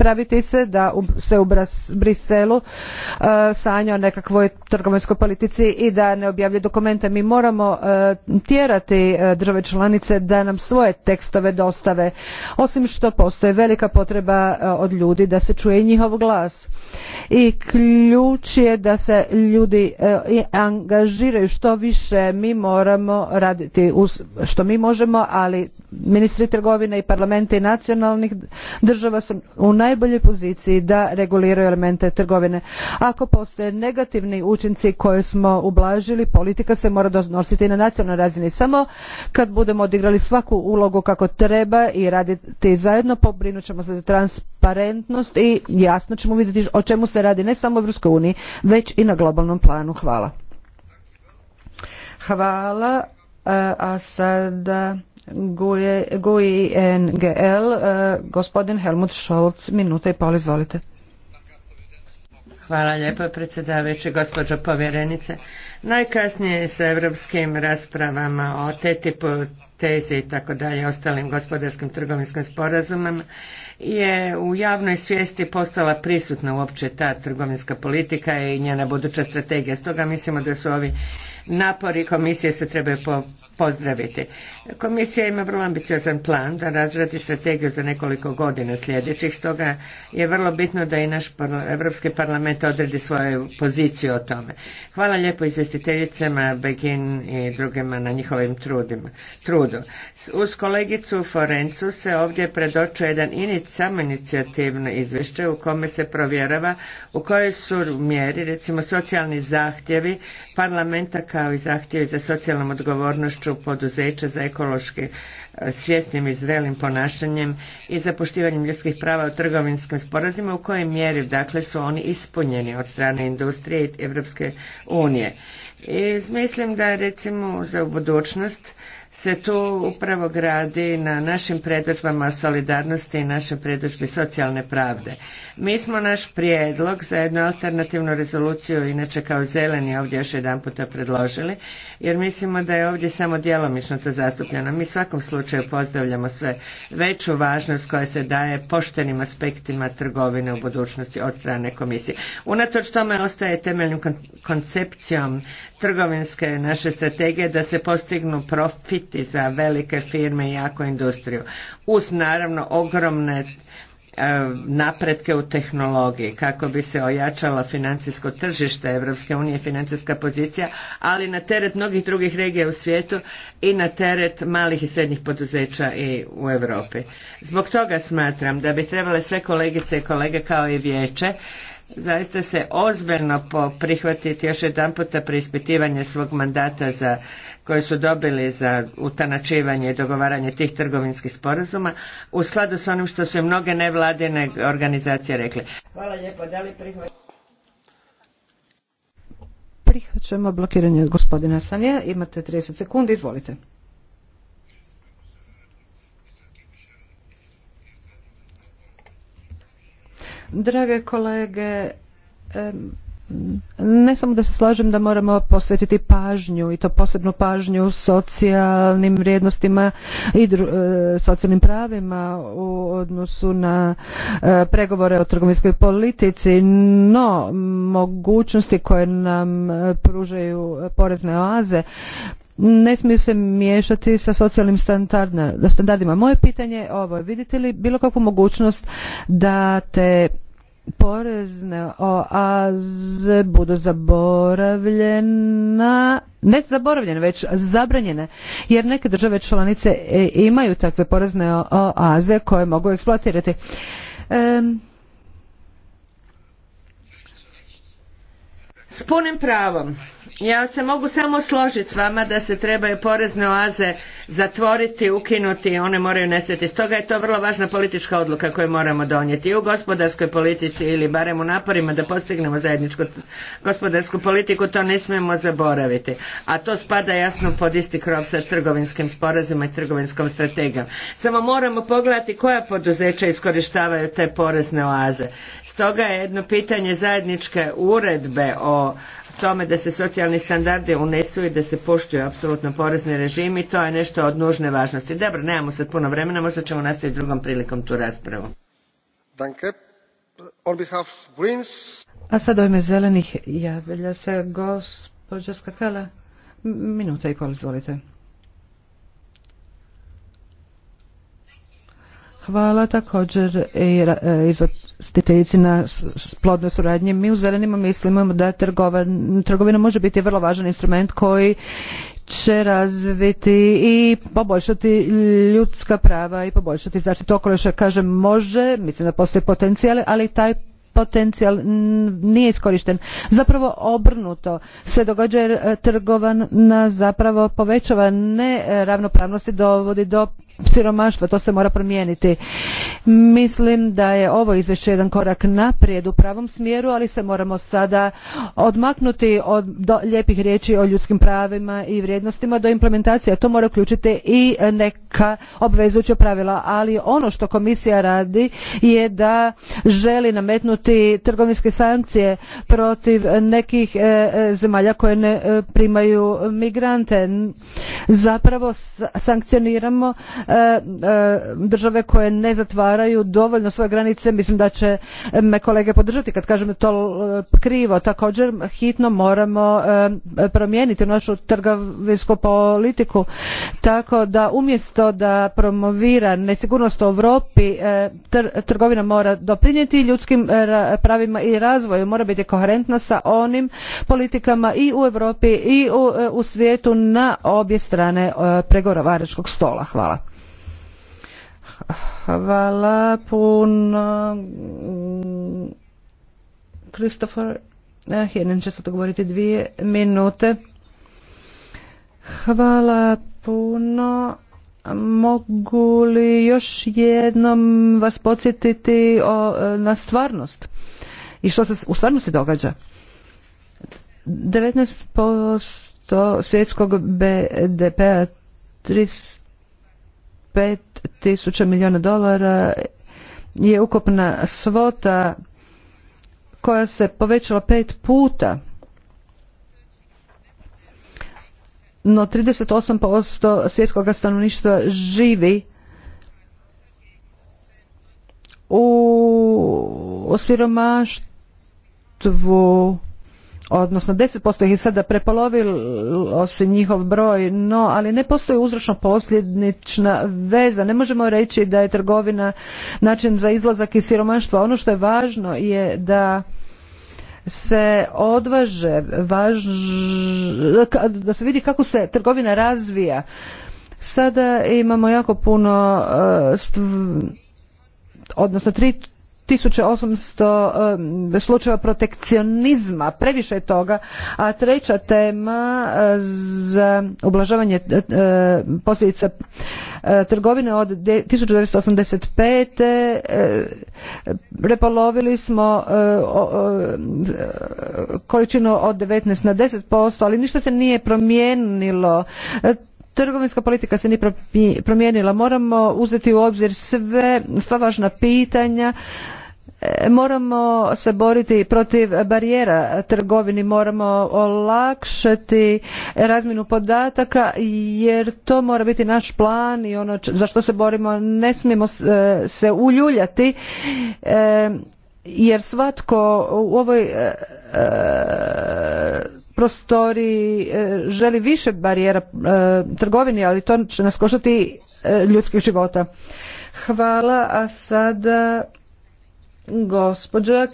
praviti se da se u Briselu e, sanja o nekakvoj trgovinskoj politici i da ne objavljuje dokumente. Mi moramo e, tjerati e, države članice da nam svoje tekstove dostave. Osim što postoji velika potreba od ljudi da se čuje njihov glas. I ključ je da se ljudi angažiraju što više. Mi moramo raditi što mi možemo, ali ministri trgovine i parlamenti nacionalnih država su u najboljoj poziciji da reguliraju elemente trgovine. Ako postoje negativni učinci koje smo ublažili, politika se mora donositi na nacionalnoj razini. Samo kad budemo odigrali svaku ulogu kako treba i raditi zajedno, pobrinut ćemo se za transparentnost i jasno ćemo vidjeti o čemu se radi ne samo u Europskoj uniji, već i na globalnom planu. Hvala. Hvala. A sada GUI NGL. E, gospodin Helmut Scholz, minuta i pol, izvolite. Hvala lijepo predsjedavajući gospođo povjerenice. Najkasnije sa europskim raspravama o TTIP-u, tezi i tako dalje, ostalim gospodarskim trgovinskim sporazumama je u javnoj svijesti postala prisutna uopće ta trgovinska politika i njena buduća strategija. Stoga mislimo da su ovi napori komisije se trebaju po pozdraviti. Komisija ima vrlo ambiciozan plan da razradi strategiju za nekoliko godina sljedećih, stoga je vrlo bitno da i naš Europski parlament odredi svoju poziciju o tome. Hvala lijepo izvjestiteljicama Begin i drugima na njihovim trudima, trudu. Uz kolegicu Forencu se ovdje predočuje jedan inic, samoinicijativno izvješće u kome se provjerava u kojoj su mjeri recimo socijalni zahtjevi parlamenta kao i zahtjevi za socijalnom odgovornošću našeg poduzeća za ekološki e, svjesnim i zrelim ponašanjem i za poštivanjem ljudskih prava u trgovinskim sporazima u kojoj mjeri dakle su oni ispunjeni od strane industrije i Evropske unije. I mislim da recimo za budućnost se tu upravo gradi na našim predodžbama solidarnosti i našoj predodžbi socijalne pravde. Mi smo naš prijedlog za jednu alternativnu rezoluciju, inače kao zeleni ovdje još jedan puta predložili, jer mislimo da je ovdje samo djelomično to zastupljeno. Mi svakom slučaju pozdravljamo sve veću važnost koja se daje poštenim aspektima trgovine u budućnosti od strane komisije. Unatoč tome ostaje temeljnim koncepcijom trgovinske naše strategije da se postignu profit biti za velike firme i jaku industriju. Uz naravno ogromne e, napretke u tehnologiji kako bi se ojačala financijsko tržište Europske unije, financijska pozicija, ali na teret mnogih drugih regija u svijetu i na teret malih i srednjih poduzeća i u Europi. Zbog toga smatram da bi trebale sve kolegice i kolege kao i vijeće zaista se ozbiljno prihvatiti još jedan puta preispitivanje svog mandata za, koje su dobili za utanačivanje i dogovaranje tih trgovinskih sporazuma u skladu s onim što su i mnoge nevladine organizacije rekli. Hvala lijepo. Da li prihvaćamo? Prihvaćamo blokiranje gospodina Sanija. Imate 30 sekundi. Izvolite. Drage kolege, ne samo da se slažem da moramo posvetiti pažnju i to posebnu pažnju socijalnim vrijednostima i e, socijalnim pravima u odnosu na e, pregovore o trgovinskoj politici, no mogućnosti koje nam e, pružaju porezne oaze ne smiju se miješati sa socijalnim standardima. Moje pitanje je ovo, vidite li bilo kakvu mogućnost da te porezne oaze budu zaboravljena, ne zaboravljene, već zabranjene, jer neke države članice e, imaju takve porezne oaze koje mogu eksploatirati. S punim pravom. Ja se mogu samo složiti s vama da se trebaju porezne oaze zatvoriti, ukinuti, one moraju nestati. Stoga je to vrlo važna politička odluka koju moramo donijeti i u gospodarskoj politici ili barem u naporima da postignemo zajedničku gospodarsku politiku, to ne smijemo zaboraviti. A to spada jasno pod isti krov sa trgovinskim sporazima i trgovinskom strategijom. Samo moramo pogledati koja poduzeća iskorištavaju te porezne oaze. Stoga je jedno pitanje zajedničke uredbe o tome da se socijalni standardi unesu i da se poštuju apsolutno porezni režimi, to je nešto od nužne važnosti. Dobro, nemamo sad puno vremena, možda ćemo nastaviti drugom prilikom tu raspravu. Danke. On behalf Greens. A sad ime zelenih javlja se gospođa Skakala. Minuta i pol, izvolite. Hvala također i e, izvostiteljici na plodnoj suradnji. Mi u Zelenima mislimo da trgovina može biti vrlo važan instrument koji će razviti i poboljšati ljudska prava i poboljšati zaštitu okoliša. Kažem može, mislim da postoji potencijal, ali taj potencijal nije iskorišten. Zapravo obrnuto se događa jer e, na zapravo povećava neravnopravnosti dovodi do siromaštva, to se mora promijeniti. Mislim da je ovo izvješće jedan korak naprijed u pravom smjeru, ali se moramo sada odmaknuti od do, lijepih riječi o ljudskim pravima i vrijednostima do implementacije. To mora uključiti i neka obvezujuća pravila, ali ono što komisija radi je da želi nametnuti trgovinske sankcije protiv nekih e, e, zemalja koje ne e, primaju migrante. Zapravo sankcioniramo E, e, države koje ne zatvaraju dovoljno svoje granice, mislim da će me kolege podržati kad kažem to e, krivo. Također hitno moramo promijeniti našu trgovinsku politiku tako da umjesto da promovira nesigurnost u Europi trgovina mora doprinijeti ljudskim pravima i razvoju, mora biti koherentna sa onim politikama i u Europi i u, u svijetu na obje strane pregovaračkog stola. Hvala. Hvala puno. Kristofor eh, Hirnin će sad govoriti dvije minute. Hvala puno. Mogu li još jednom vas podsjetiti o, eh, na stvarnost i što se u stvarnosti događa? 19% svjetskog BDP-a 5000 tisuća milijuna dolara je ukupna svota koja se povećala pet puta no 38% svjetskog stanovništva živi u siromaštvu odnosno 10% ih je sada prepolovilo se njihov broj, no ali ne postoji uzročno posljednična veza. Ne možemo reći da je trgovina način za izlazak iz siromaštva. Ono što je važno je da se odvaže, važ, da se vidi kako se trgovina razvija. Sada imamo jako puno e, odnosno tri 1800 slučajeva protekcionizma, previše je toga. A treća tema e, za ublažavanje e, posljedica e, trgovine od 1985. prepolovili smo količinu od 19 na 10%, ali ništa se nije promijenilo trgovinska politika se nije promijenila moramo uzeti u obzir sve sva važna pitanja moramo se boriti protiv barijera trgovini, moramo olakšati razminu podataka jer to mora biti naš plan i ono za što se borimo ne smijemo e, se uljuljati e, jer svatko u ovoj e, prostori želi više barijera trgovini, ali to će nas koštati ljudskih života. Hvala, a sada Gospođa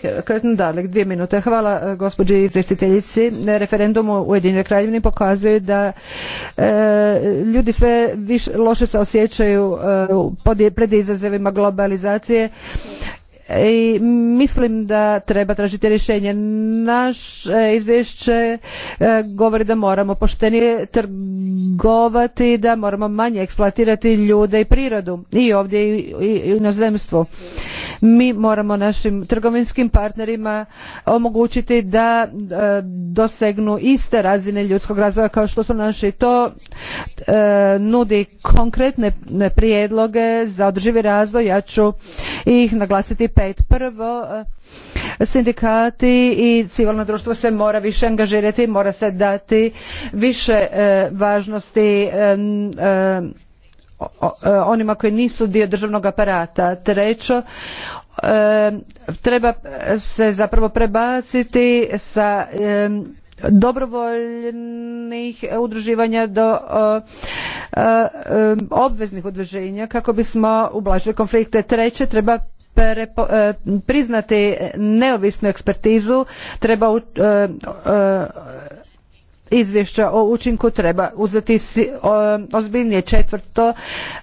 Dalek, dvije minute. Hvala e, gospođi izvjestiteljici. Referendum u Ujedinjoj kraljevini pokazuje da e, ljudi sve više, loše se osjećaju e, pred izazovima globalizacije i mislim da treba tražiti rješenje. Naš izvješće govori da moramo poštenije trgovati, da moramo manje eksploatirati ljude i prirodu i ovdje i na inozemstvu. Mi moramo našim trgovinskim partnerima omogućiti da e, dosegnu iste razine ljudskog razvoja kao što su naši. To e, nudi konkretne prijedloge za održivi razvoj. Ja ću ih naglasiti pet. Prvo, e, sindikati i civilno društvo se mora više angažirati, mora se dati više važnosti E, onima koji nisu dio državnog aparata. Treće, treba se zapravo prebaciti sa e, dobrovoljnih udruživanja do e, obveznih udruženja kako bismo ublažili konflikte. Treće, treba priznati neovisnu ekspertizu, treba izvješća o učinku treba uzeti ozbiljnije četvrto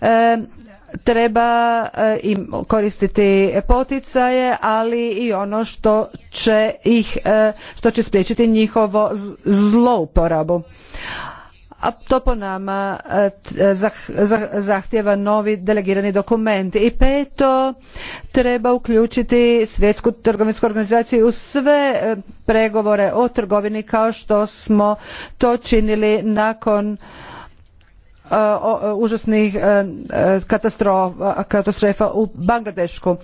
e, treba e, koristiti poticaje ali i ono što će ih e, što će spriječiti njihovo zlouporabu a to po nama e, e, zahtjeva novi delegirani dokument. I peto, treba uključiti svjetsku trgovinsku organizaciju u sve e, pregovore o trgovini kao što smo to činili nakon užasnih katastrofa u Bangladešku.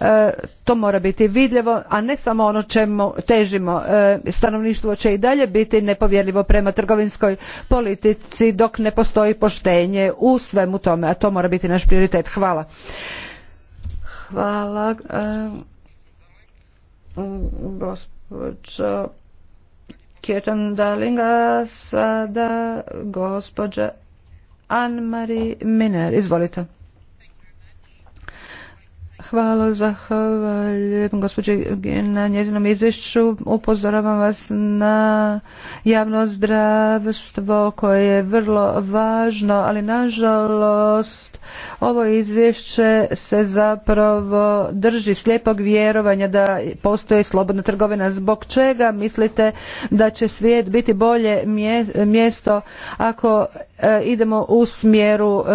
E, to mora biti vidljivo, a ne samo ono čemu težimo. E, stanovništvo će i dalje biti nepovjerljivo prema trgovinskoj politici dok ne postoji poštenje u svemu tome, a to mora biti naš prioritet. Hvala. Hvala e, gospođo sada gospođa Izvolite. Hvala, zahvaljujem gospođe na njezinom izvješću. Upozoravam vas na javno zdravstvo koje je vrlo važno, ali nažalost ovo izvješće se zapravo drži slijepog vjerovanja da postoji slobodna trgovina. Zbog čega mislite da će svijet biti bolje mjesto ako e, idemo u smjeru e,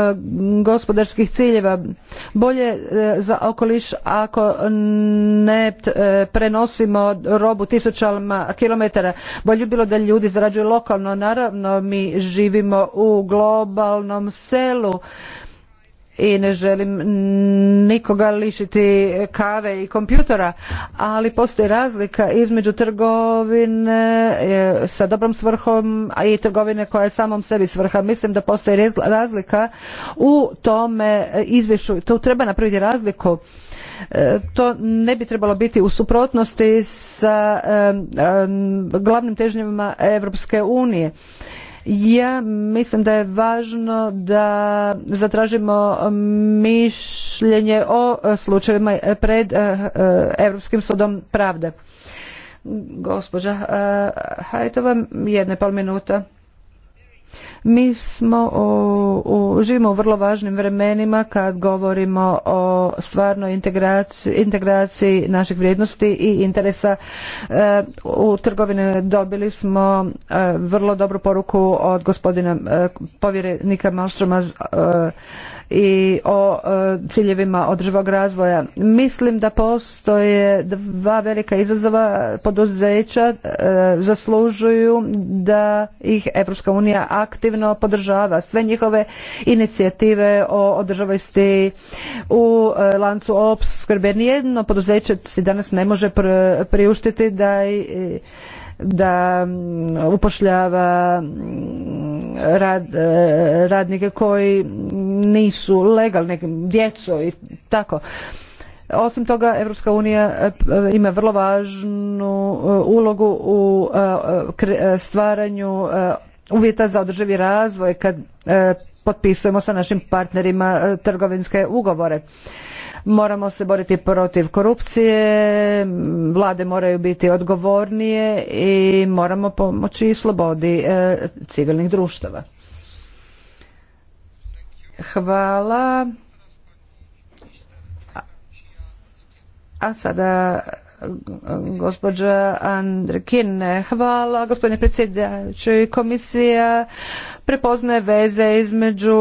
gospodarskih ciljeva? Bolje e, za okoliš ako ne e, prenosimo robu tisućama kilometara. Bolje bilo da ljudi zarađuju lokalno. Naravno, mi živimo u globalnom selu i ne želim nikoga lišiti kave i kompjutora, ali postoji razlika između trgovine e, sa dobrom svrhom i trgovine koja je samom sebi svrha. Mislim da postoji razlika u tome izvješću. To treba napraviti razliku e, to ne bi trebalo biti u suprotnosti sa e, glavnim težnjama Europske unije ja mislim da je važno da zatražimo mišljenje o slučajevima pred eh, eh, Europskim sudom pravde. Gospođa eh, Hajtova, jedna i pol minuta. Mi smo u, živimo u vrlo važnim vremenima kad govorimo o stvarnoj integraciji, integraciji naših vrijednosti i interesa e, u trgovine. Dobili smo e, vrlo dobru poruku od gospodina e, povjerenika Malstroma i o e, ciljevima održivog razvoja. Mislim da postoje dva velika izazova poduzeća e, zaslužuju da ih Evropska unija aktivno podržava. Sve njihove inicijative o održavosti u e, lancu opskrbe. Nijedno poduzeće si danas ne može priuštiti da i da mm, upošljava mm, rad, e, radnike koji nisu legalni, djeco i tako. Osim toga, Evropska unija e, ima vrlo važnu e, ulogu u stvaranju uvjeta za održivi razvoj kad potpisujemo sa našim partnerima trgovinske ugovore. Moramo se boriti protiv korupcije, vlade moraju biti odgovornije i moramo pomoći slobodi e, civilnih društava. Hvala. A sada gospođa Andrekin. Hvala, gospodine predsjedajući. Komisija prepoznaje veze između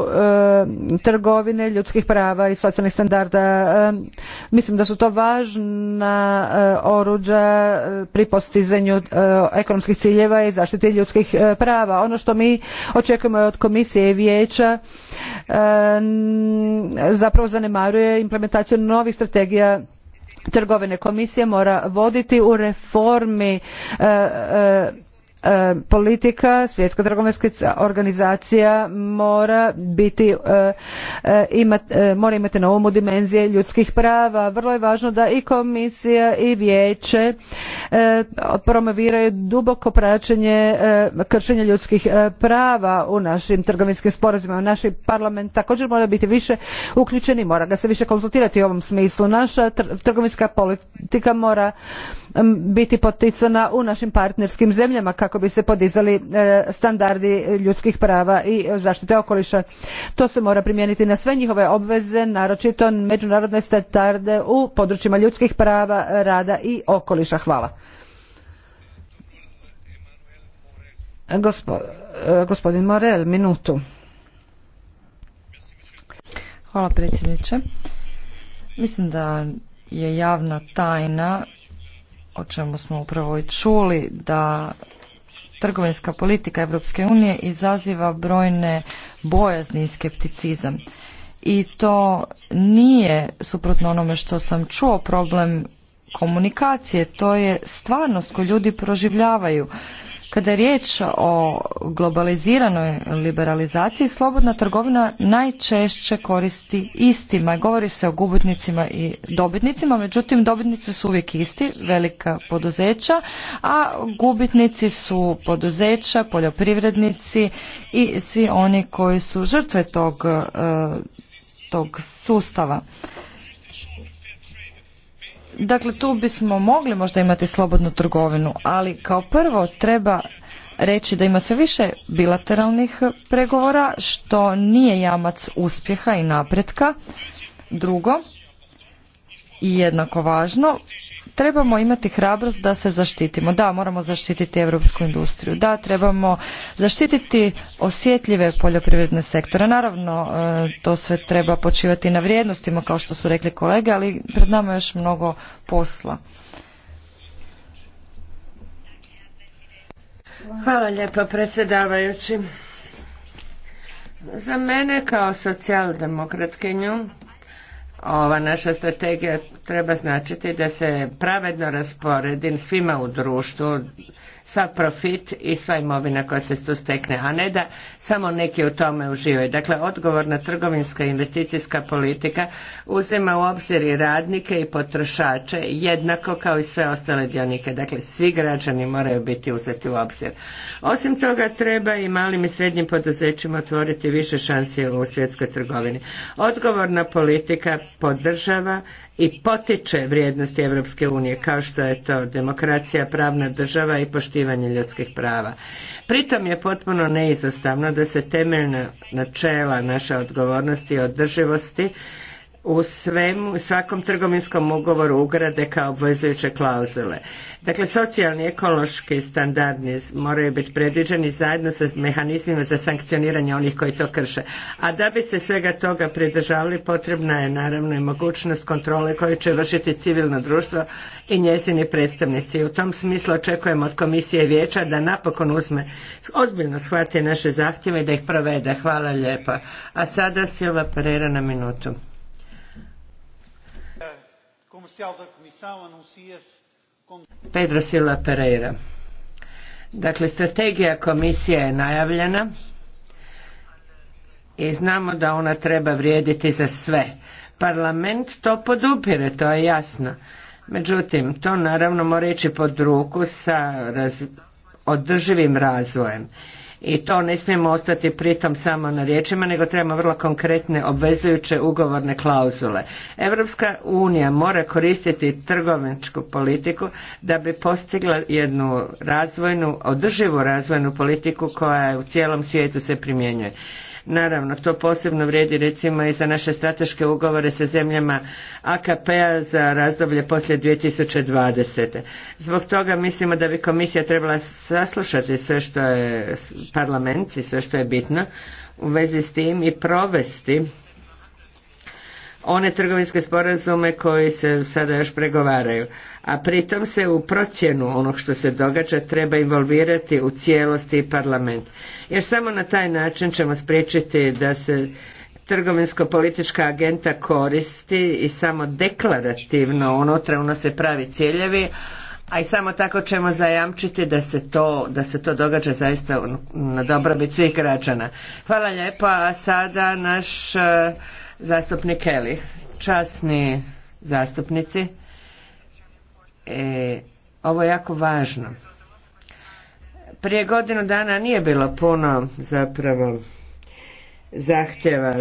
e, trgovine, ljudskih prava i socijalnih standarda. E, mislim da su to važna e, oruđa pri postizanju ekonomskih ciljeva i zaštiti ljudskih prava. Ono što mi očekujemo od komisije i vijeća zapravo zanemaruje implementaciju novih strategija trgovine komisije mora voditi u reformi e, e, E, politika svjetska trgovinska organizacija mora biti e, e, mora imati na umu dimenzije ljudskih prava vrlo je važno da i komisija i vijeće promoviraju duboko praćenje kršenja ljudskih prava u našim trgovinskim sporazumima Naši parlament također mora biti više uključen i mora ga se više konzultirati u ovom smislu naša trgovinska politika mora biti poticana u našim partnerskim zemljama kako bi se podizali e, standardi ljudskih prava i zaštite okoliša. To se mora primijeniti na sve njihove obveze, naročito međunarodne standarde u područjima ljudskih prava, rada i okoliša. Hvala. E, gospodin minutu. Hvala predsjedniče. Mislim da je javna tajna o čemu smo upravo i čuli, da trgovinska politika Europske unije izaziva brojne bojazni i skepticizam. I to nije suprotno onome što sam čuo problem komunikacije, to je stvarnost koju ljudi proživljavaju. Kada je riječ o globaliziranoj liberalizaciji, slobodna trgovina najčešće koristi istima. Govori se o gubitnicima i dobitnicima, međutim dobitnici su uvijek isti, velika poduzeća, a gubitnici su poduzeća, poljoprivrednici i svi oni koji su žrtve tog, e, tog sustava. Dakle, tu bismo mogli možda imati slobodnu trgovinu, ali kao prvo treba reći da ima sve više bilateralnih pregovora, što nije jamac uspjeha i napretka. Drugo, i jednako važno, trebamo imati hrabrost da se zaštitimo. Da, moramo zaštititi europsku industriju. Da, trebamo zaštititi osjetljive poljoprivredne sektore. Naravno, e, to sve treba počivati na vrijednostima, kao što su rekli kolege, ali pred nama je još mnogo posla. Hvala lijepo predsjedavajući. Za mene kao socijaldemokratkinju ova naša strategija treba značiti da se pravedno rasporedi svima u društvu sav profit i sva imovina koja se tu stekne, a ne da samo neki u tome uživaju. Dakle, odgovorna trgovinska investicijska politika uzima u obzir i radnike i potrošače jednako kao i sve ostale dionike. Dakle, svi građani moraju biti uzeti u obzir. Osim toga, treba i malim i srednjim poduzećima otvoriti više šansi u svjetskoj trgovini. Odgovorna politika podržava i potiče vrijednosti Europske unije kao što je to demokracija, pravna država i poštivanje ljudskih prava. Pritom je potpuno neizostavno da se temeljna načela naše odgovornosti i održivosti u svemu, svakom trgovinskom ugovoru ugrade kao obvezujuće klauzule. Dakle, socijalni i ekološki standardi moraju biti predviđeni zajedno sa mehanizmima za sankcioniranje onih koji to krše. A da bi se svega toga pridržavali, potrebna je naravno i mogućnost kontrole koju će vršiti civilno društvo i njezini predstavnici. U tom smislu očekujemo od komisije vijeća da napokon uzme, ozbiljno shvati naše zahtjeve i da ih provede. Hvala lijepa. A sada Silva Pereira na minutu. Comercial Pedro Pereira. Dakle, strategija komisije je najavljena i znamo da ona treba vrijediti za sve. Parlament to podupire, to je jasno. Međutim, to naravno mora ići pod ruku sa održivim razvojem i to ne smijemo ostati pritom samo na riječima, nego trebamo vrlo konkretne obvezujuće ugovorne klauzule. Europska unija mora koristiti trgovinsku politiku da bi postigla jednu razvojnu, održivu razvojnu politiku koja je u cijelom svijetu se primjenjuje. Naravno, to posebno vrijedi recimo i za naše strateške ugovore sa zemljama AKP-a za razdoblje poslije 2020. Zbog toga mislimo da bi komisija trebala saslušati sve što je parlament i sve što je bitno u vezi s tim i provesti one trgovinske sporazume koji se sada još pregovaraju a pritom se u procjenu onog što se događa treba involvirati u cijelosti i parlament. Jer samo na taj način ćemo spriječiti da se trgovinsko-politička agenta koristi i samo deklarativno unutra se pravi ciljevi, a i samo tako ćemo zajamčiti da se to, da se to događa zaista na dobrobit svih građana. Hvala lijepa, a sada naš eh, zastupnik Eli. Časni zastupnici. E, ovo je jako važno. Prije godinu dana nije bilo puno zapravo zahtjeva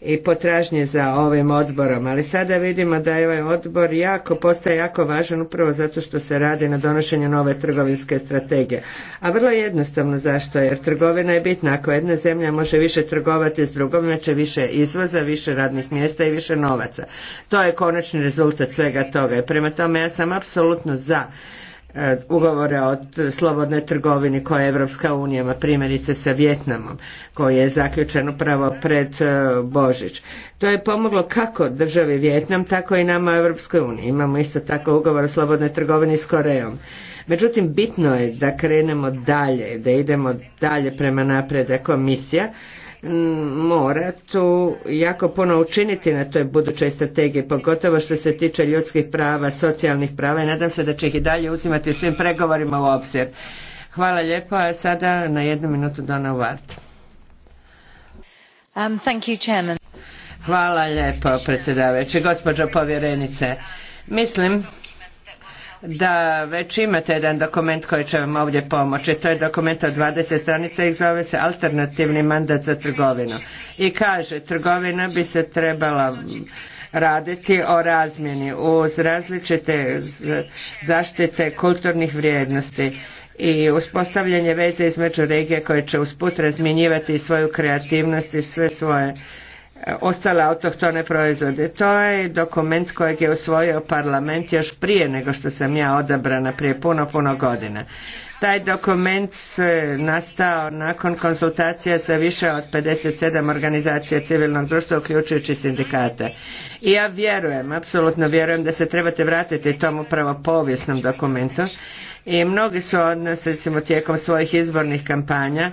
i potražnje za ovim odborom, ali sada vidimo da je ovaj odbor jako, postaje jako važan upravo zato što se radi na donošenju nove trgovinske strategije. A vrlo jednostavno zašto, jer trgovina je bitna. Ako jedna zemlja može više trgovati s drugom, će više izvoza, više radnih mjesta i više novaca. To je konačni rezultat svega toga i prema tome ja sam apsolutno za E, ugovore o slobodnoj trgovini koje je Evropska unija ima primjerice sa Vjetnamom koji je zaključen upravo pred e, Božić. To je pomoglo kako državi Vjetnam tako i nama u Evropskoj uniji. Imamo isto tako ugovor o slobodnoj trgovini s Korejom. Međutim, bitno je da krenemo dalje, da idemo dalje prema naprijed komisija mora tu jako puno učiniti na toj budućoj strategiji, pogotovo što se tiče ljudskih prava, socijalnih prava i nadam se da će ih i dalje uzimati u svim pregovorima u obzir. Hvala lijepo, a sada na jednu minutu Dona Uvart. Um, thank Hvala lijepo, predsjedavajući, gospođo povjerenice. Mislim da već imate jedan dokument koji će vam ovdje pomoći. To je dokument od 20 stranica i zove se Alternativni mandat za trgovinu. I kaže, trgovina bi se trebala raditi o razmjeni uz različite zaštite kulturnih vrijednosti i uspostavljanje veze između regije koje će usput razmjenjivati svoju kreativnost i sve svoje ostale autohtone proizvode. To je dokument kojeg je usvojio parlament još prije nego što sam ja odabrana prije puno, puno godina. Taj dokument nastao nakon konsultacija sa više od 57 organizacija civilnog društva, uključujući sindikate. I ja vjerujem, apsolutno vjerujem da se trebate vratiti tom upravo povijesnom dokumentu. I mnogi su od nas, recimo tijekom svojih izbornih kampanja,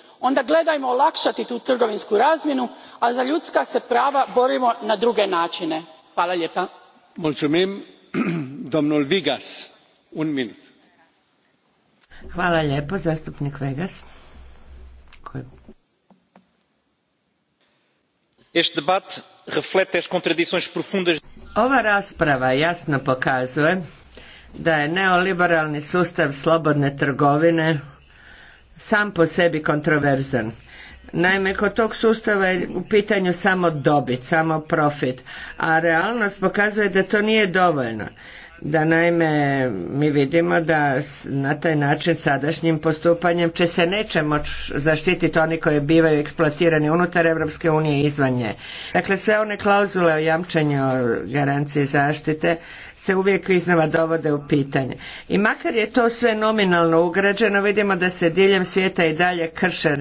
onda gledajmo olakšati tu trgovinsku razmjenu a za ljudska se prava borimo na druge načine. hvala lijepa. Hvala Ova rasprava jasno pokazuje da je neoliberalni sustav slobodne trgovine sam po sebi kontroverzan. Naime, kod tog sustava je u pitanju samo dobit, samo profit, a realnost pokazuje da to nije dovoljno da naime mi vidimo da na taj način sadašnjim postupanjem će se neće moći zaštititi oni koji bivaju eksploatirani unutar Europske unije i izvan nje. Dakle, sve one klauzule o jamčanju garancije zaštite se uvijek iznova dovode u pitanje. I makar je to sve nominalno ugrađeno, vidimo da se diljem svijeta i dalje krše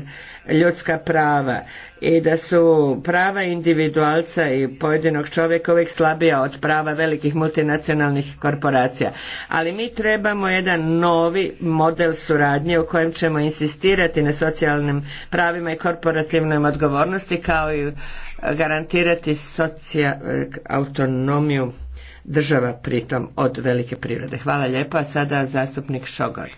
ljudska prava i da su prava individualca i pojedinog čovjeka uvijek slabija od prava velikih multinacionalnih korporacija. Ali mi trebamo jedan novi model suradnje u kojem ćemo insistirati na socijalnim pravima i korporativnoj odgovornosti kao i garantirati socija, autonomiju država pritom od velike prirode. Hvala lijepa. Sada zastupnik Šogor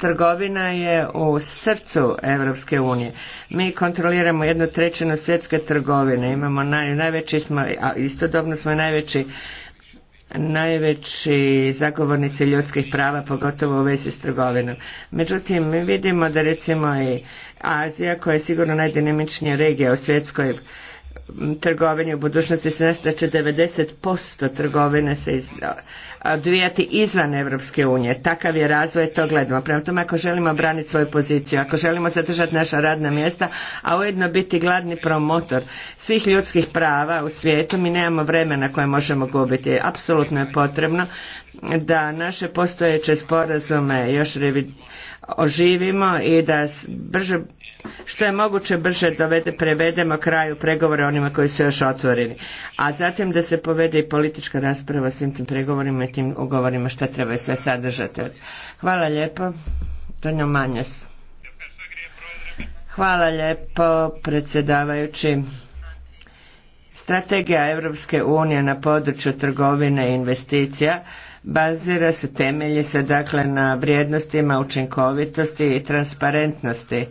trgovina je u srcu Europske unije. Mi kontroliramo jednu trećinu svjetske trgovine, imamo naj, najveći smo, a istodobno smo najveći najveći zagovornici ljudskih prava, pogotovo u vezi s trgovinom. Međutim, mi vidimo da recimo i Azija, koja je sigurno najdinamičnija regija u svjetskoj trgovini u budućnosti, se da će 90% trgovine se iz, odvijati izvan Europske unije. Takav je razvoj, to gledamo. Prema tome, ako želimo braniti svoju poziciju, ako želimo zadržati naša radna mjesta, a ujedno biti gladni promotor svih ljudskih prava u svijetu, mi nemamo vremena koje možemo gubiti. Apsolutno je potrebno da naše postojeće sporazume još oživimo i da brže što je moguće brže dovede, prevedemo kraju pregovore onima koji su još otvoreni, a zatim da se povede i politička rasprava o svim tim pregovorima i tim ugovorima što treba sve sadržati. Hvala lijepo. Tonjo Hvala lijepo, predsjedavajući. Strategija Europske unije na području trgovine i investicija bazira se, temelji se dakle na vrijednostima učinkovitosti i transparentnosti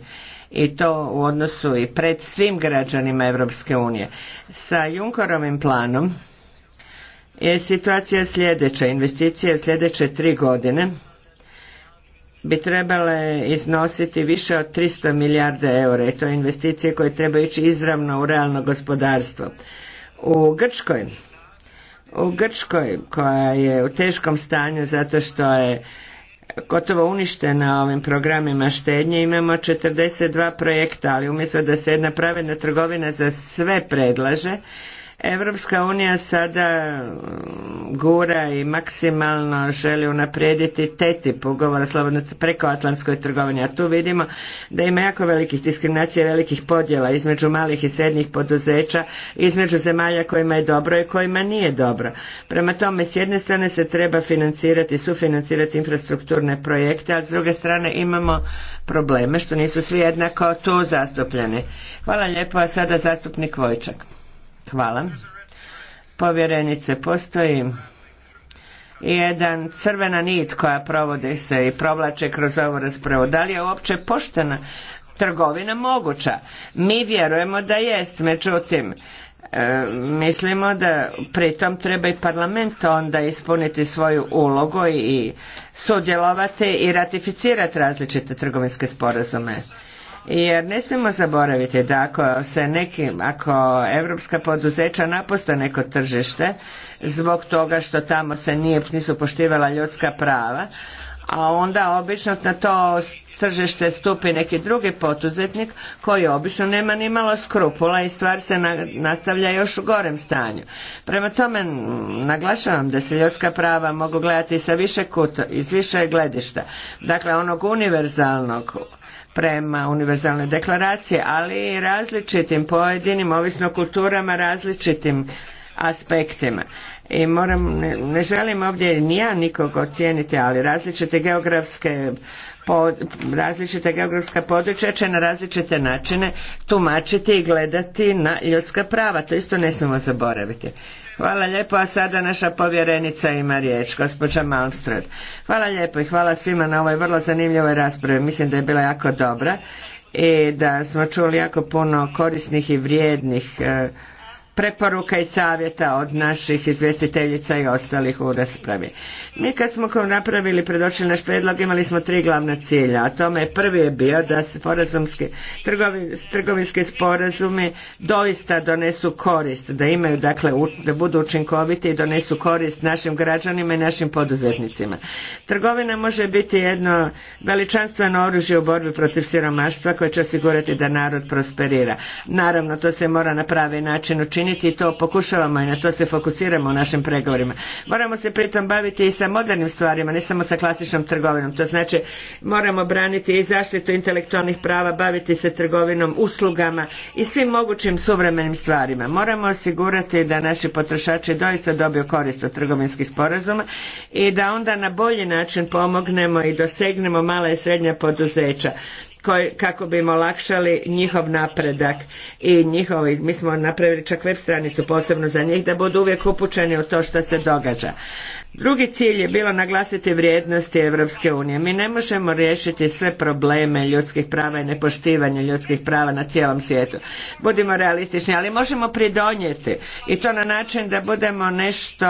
i to u odnosu i pred svim građanima Europske unije. Sa Junkerovim planom je situacija sljedeća. Investicije u sljedeće tri godine bi trebale iznositi više od 300 milijarde eura i to je investicije koje treba ići izravno u realno gospodarstvo. U Grčkoj, u Grčkoj koja je u teškom stanju zato što je gotovo uništena ovim programima štednje. Imamo 42 projekta, ali umjesto da se jedna pravedna trgovina za sve predlaže, Europska unija sada mm, gura i maksimalno želi unaprijediti TTIP, ugovor o slobodno prekoatlantskoj trgovini, a tu vidimo da ima jako velikih diskriminacija, velikih podjela između malih i srednjih poduzeća, između zemalja kojima je dobro i kojima nije dobro. Prema tome, s jedne strane se treba financirati, sufinancirati infrastrukturne projekte, a s druge strane imamo probleme što nisu svi jednako tu zastupljeni. Hvala lijepo, a sada zastupnik Vojčak. Hvala. Povjerenice, postoji jedan crvena nit koja provodi se i provlače kroz ovu raspravu. Da li je uopće poštena trgovina moguća? Mi vjerujemo da jest, međutim, e, mislimo da pritom treba i parlament onda ispuniti svoju ulogu i sudjelovati i ratificirati različite trgovinske sporazume jer ne smijemo zaboraviti da ako se nekim, ako europska poduzeća napuste neko tržište zbog toga što tamo se nije, nisu poštivala ljudska prava, a onda obično na to tržište stupi neki drugi poduzetnik koji obično nema ni malo skrupula i stvar se nastavlja još u gorem stanju. Prema tome naglašavam da se ljudska prava mogu gledati sa više kuta, iz više gledišta. Dakle, onog univerzalnog prema univerzalnoj deklaraciji, ali i različitim pojedinim, ovisno kulturama, različitim aspektima. I moram, ne, želim ovdje ni ja nikog ocijeniti, ali različite geografske po, različite geografska područja će na različite načine tumačiti i gledati na ljudska prava. To isto ne smemo zaboraviti. Hvala lijepo, a sada naša povjerenica ima riječ, gospođa Malmström. Hvala lijepo i hvala svima na ovoj vrlo zanimljivoj raspravi. Mislim da je bila jako dobra i da smo čuli jako puno korisnih i vrijednih e, preporuka i savjeta od naših izvjestiteljica i ostalih u raspravi. Mi kad smo kao napravili, predočili naš predlog, imali smo tri glavna cilja, a tome prvi je bio da se trgovinski sporazumi doista donesu korist, da imaju dakle, da budu učinkoviti i donesu korist našim građanima i našim poduzetnicima. Trgovina može biti jedno veličanstveno oružje u borbi protiv siromaštva koje će osigurati da narod prosperira. Naravno, to se mora na pravi način učiniti učiniti i to pokušavamo i na to se fokusiramo u našim pregovorima. Moramo se pritom baviti i sa modernim stvarima, ne samo sa klasičnom trgovinom. To znači moramo braniti i zaštitu intelektualnih prava, baviti se trgovinom, uslugama i svim mogućim suvremenim stvarima. Moramo osigurati da naši potrošači doista dobiju korist od trgovinskih sporazuma i da onda na bolji način pomognemo i dosegnemo mala i srednja poduzeća kako bi im olakšali njihov napredak i njihovi, mi smo napravili čak web stranicu posebno za njih da budu uvijek upućeni u to što se događa. Drugi cilj je bilo naglasiti vrijednosti Europske unije. Mi ne možemo riješiti sve probleme ljudskih prava i nepoštivanja ljudskih prava na cijelom svijetu. Budimo realistični, ali možemo pridonijeti i to na način da budemo nešto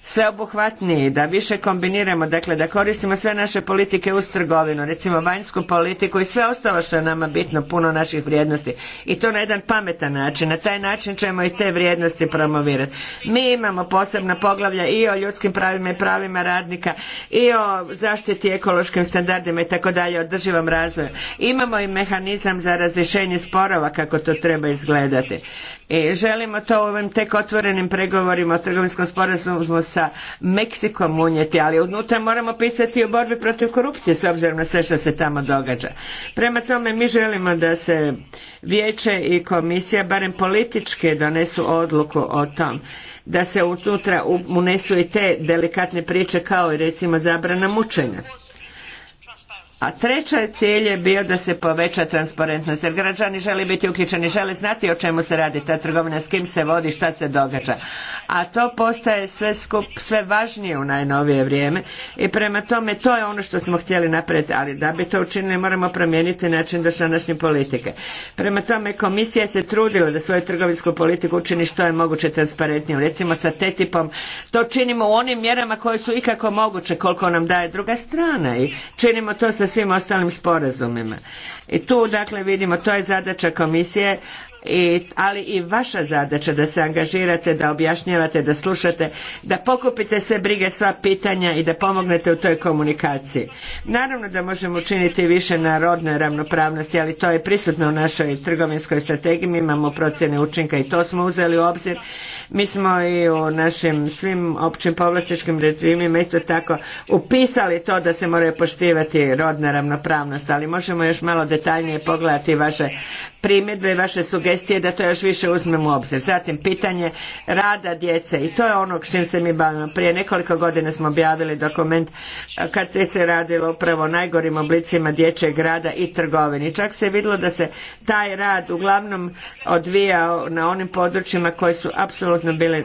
sveobuhvatniji, da više kombiniramo, dakle da koristimo sve naše politike uz trgovinu, recimo vanjsku politiku i sve ostalo što je nama bitno, puno naših vrijednosti. I to na jedan pametan način. Na taj način ćemo i te vrijednosti promovirati. Mi imamo posebna poglavlja i o ljudskim pravima i pravima radnika i o zaštiti ekološkim standardima i tako dalje, održivom razvoju. Imamo i mehanizam za razrješenje sporova kako to treba izgledati. I e, želimo to ovim tek otvorenim pregovorima o trgovinskom sporazumu sa Meksikom unijeti, ali unutra moramo pisati o borbi protiv korupcije s obzirom na sve što se tamo događa. Prema tome mi želimo da se vijeće i komisija barem političke, donesu odluku o tom da se unutra unesu i te delikatne priče kao i recimo zabrana mučenja. A treća cilj je bio da se poveća transparentnost, jer građani žele biti uključeni, žele znati o čemu se radi ta trgovina, s kim se vodi, šta se događa. A to postaje sve, skup, sve važnije u najnovije vrijeme i prema tome to je ono što smo htjeli napraviti, ali da bi to učinili moramo promijeniti način dosadašnje politike. Prema tome komisija se trudila da svoju trgovinsku politiku učini što je moguće transparentnijom. Recimo sa TTIP-om to činimo u onim mjerama koje su ikako moguće koliko nam daje druga strana i činimo to sa svim ostalim sporazumima. I tu dakle vidimo, to je zadaća komisije i, ali i vaša zadaća da se angažirate, da objašnjavate, da slušate, da pokupite sve brige, sva pitanja i da pomognete u toj komunikaciji. Naravno da možemo učiniti više na rodnoj ravnopravnosti, ali to je prisutno u našoj trgovinskoj strategiji. Mi imamo procjene učinka i to smo uzeli u obzir. Mi smo i u našim svim općim povlastičkim režimima isto tako upisali to da se moraju poštivati rodna ravnopravnost, ali možemo još malo detaljnije pogledati vaše primjedbe i vaše sugestije da to još više uzmemo u obzir. Zatim pitanje rada djece i to je ono s čim se mi bavimo. Prije nekoliko godina smo objavili dokument kad se se radilo upravo o najgorim oblicima dječjeg rada i trgovini. Čak se vidjelo da se taj rad uglavnom odvijao na onim područjima koji su apsolutno bile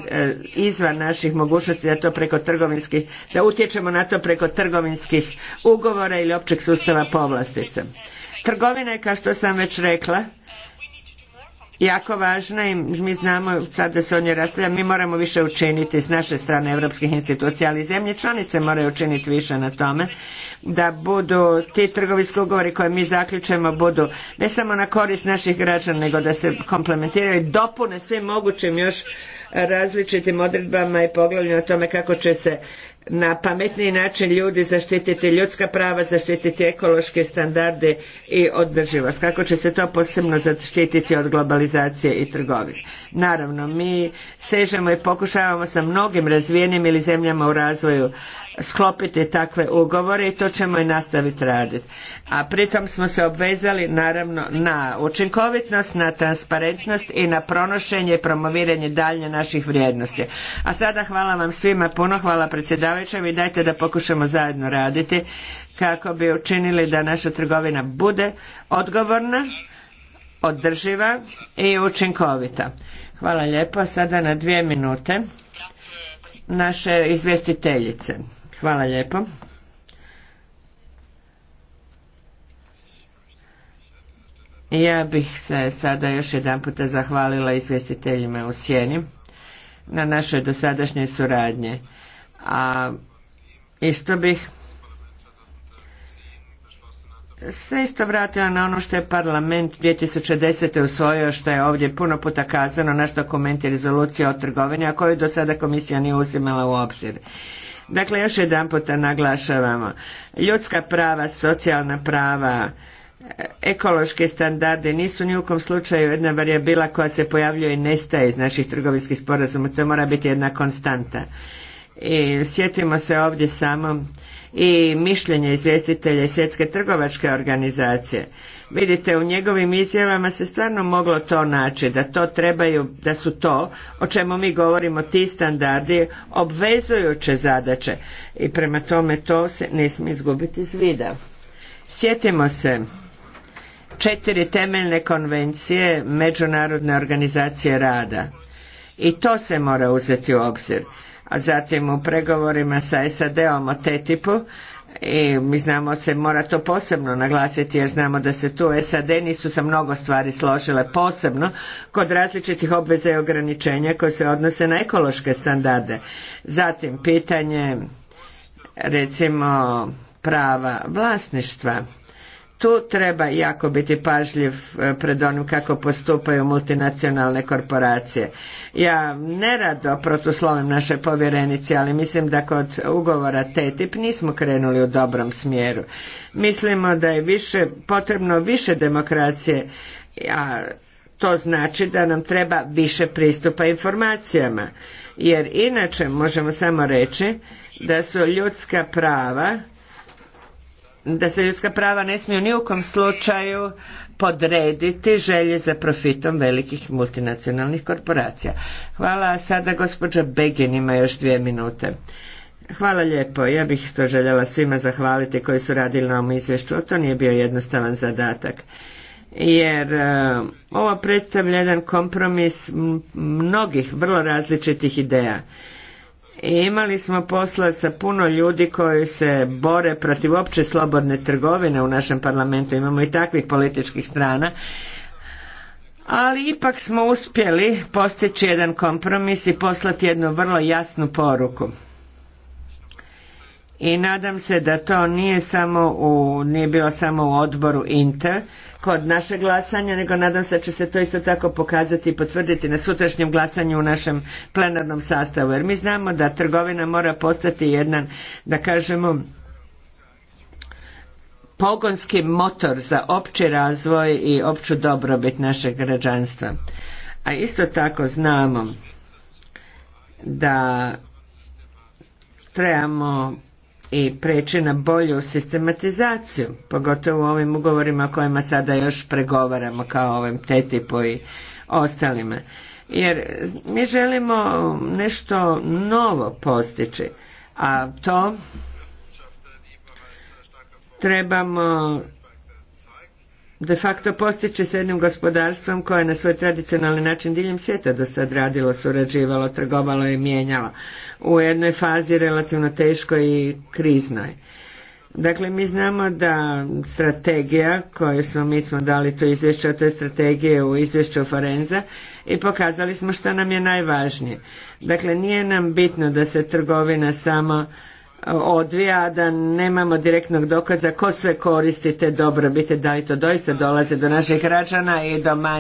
izvan naših mogućnosti da to preko trgovinskih, da utječemo na to preko trgovinskih ugovora ili općeg sustava povlastica. Trgovina je, kao što sam već rekla, jako važna i mi znamo sad da se o njoj raspravlja, mi moramo više učiniti s naše strane europskih institucija, ali zemlje članice moraju učiniti više na tome da budu ti trgovinski ugovori koje mi zaključujemo budu ne samo na korist naših građana nego da se komplementiraju i dopune svim mogućim još različitim odredbama i poglavljima o tome kako će se na pametniji način ljudi zaštititi ljudska prava, zaštititi ekološke standarde i održivost. Kako će se to posebno zaštititi od globalizacije i trgovine? Naravno, mi sežemo i pokušavamo sa mnogim razvijenim ili zemljama u razvoju sklopiti takve ugovore i to ćemo i nastaviti raditi. A pritom smo se obvezali naravno na učinkovitnost, na transparentnost i na pronošenje i promoviranje dalje naših vrijednosti. A sada hvala vam svima puno, hvala predsjedavajućem i dajte da pokušamo zajedno raditi kako bi učinili da naša trgovina bude odgovorna, održiva i učinkovita. Hvala lijepo. Sada na dvije minute naše izvjestiteljice. Hvala lijepo. Ja bih se sada još jedan puta zahvalila izvjestiteljima u Sjeni na našoj dosadašnjoj suradnje. A isto bih se isto vratila na ono što je parlament 2010. usvojio, što je ovdje puno puta kazano, naš dokument je rezolucija o trgovini, a koju do sada komisija nije uzimala u obzir. Dakle, još jedan puta naglašavamo. Ljudska prava, socijalna prava, ekološke standarde nisu ni u kom slučaju jedna varijabila koja se pojavljuje i nestaje iz naših trgovinskih sporazuma. To mora biti jedna konstanta. I sjetimo se ovdje samo i mišljenje izvjestitelja Svjetske trgovačke organizacije Vidite, u njegovim izjavama se stvarno moglo to naći, da to trebaju, da su to, o čemu mi govorimo, ti standardi, obvezujuće zadaće i prema tome to se ne smije izgubiti iz vida. Sjetimo se četiri temeljne konvencije Međunarodne organizacije rada i to se mora uzeti u obzir. A zatim u pregovorima sa SAD-om o TTIP-u i mi znamo da se mora to posebno naglasiti jer znamo da se tu SAD nisu sa mnogo stvari složile posebno kod različitih obveza i ograničenja koje se odnose na ekološke standarde. Zatim pitanje recimo prava vlasništva tu treba jako biti pažljiv e, pred onim kako postupaju multinacionalne korporacije. Ja nerado protuslovim naše povjerenici, ali mislim da kod ugovora TTIP nismo krenuli u dobrom smjeru. Mislimo da je više, potrebno više demokracije, a to znači da nam treba više pristupa informacijama. Jer inače možemo samo reći da su ljudska prava da se ljudska prava ne smiju ni u kom slučaju podrediti želje za profitom velikih multinacionalnih korporacija. Hvala, a sada gospođa Begin ima još dvije minute. Hvala lijepo. Ja bih to željela svima zahvaliti koji su radili na ovom izvješću. To nije bio jednostavan zadatak. Jer e, ovo predstavlja jedan kompromis mnogih vrlo različitih ideja imali smo posla sa puno ljudi koji se bore protiv opće slobodne trgovine u našem parlamentu, imamo i takvih političkih strana, ali ipak smo uspjeli postići jedan kompromis i poslati jednu vrlo jasnu poruku i nadam se da to nije samo u, nije bilo samo u odboru Inter kod našeg glasanja, nego nadam se da će se to isto tako pokazati i potvrditi na sutrašnjem glasanju u našem plenarnom sastavu. Jer mi znamo da trgovina mora postati jedan, da kažemo, pogonski motor za opći razvoj i opću dobrobit našeg građanstva. A isto tako znamo da trebamo i preći na bolju sistematizaciju, pogotovo u ovim ugovorima kojima sada još pregovaramo kao ovim TTIP-u i ostalima. Jer mi želimo nešto novo postići, a to trebamo de facto postiče s jednim gospodarstvom koje je na svoj tradicionalni način diljem svijeta do sad radilo, surađivalo, trgovalo i mijenjalo u jednoj fazi relativno teškoj i kriznoj. Dakle, mi znamo da strategija koju smo, mi smo dali to izvješće o toj strategije u izvješću Forenza i pokazali smo što nam je najvažnije. Dakle, nije nam bitno da se trgovina samo odvija, da nemamo direktnog dokaza ko sve koristi te dobrobiti, da li to doista dolaze do naših građana i do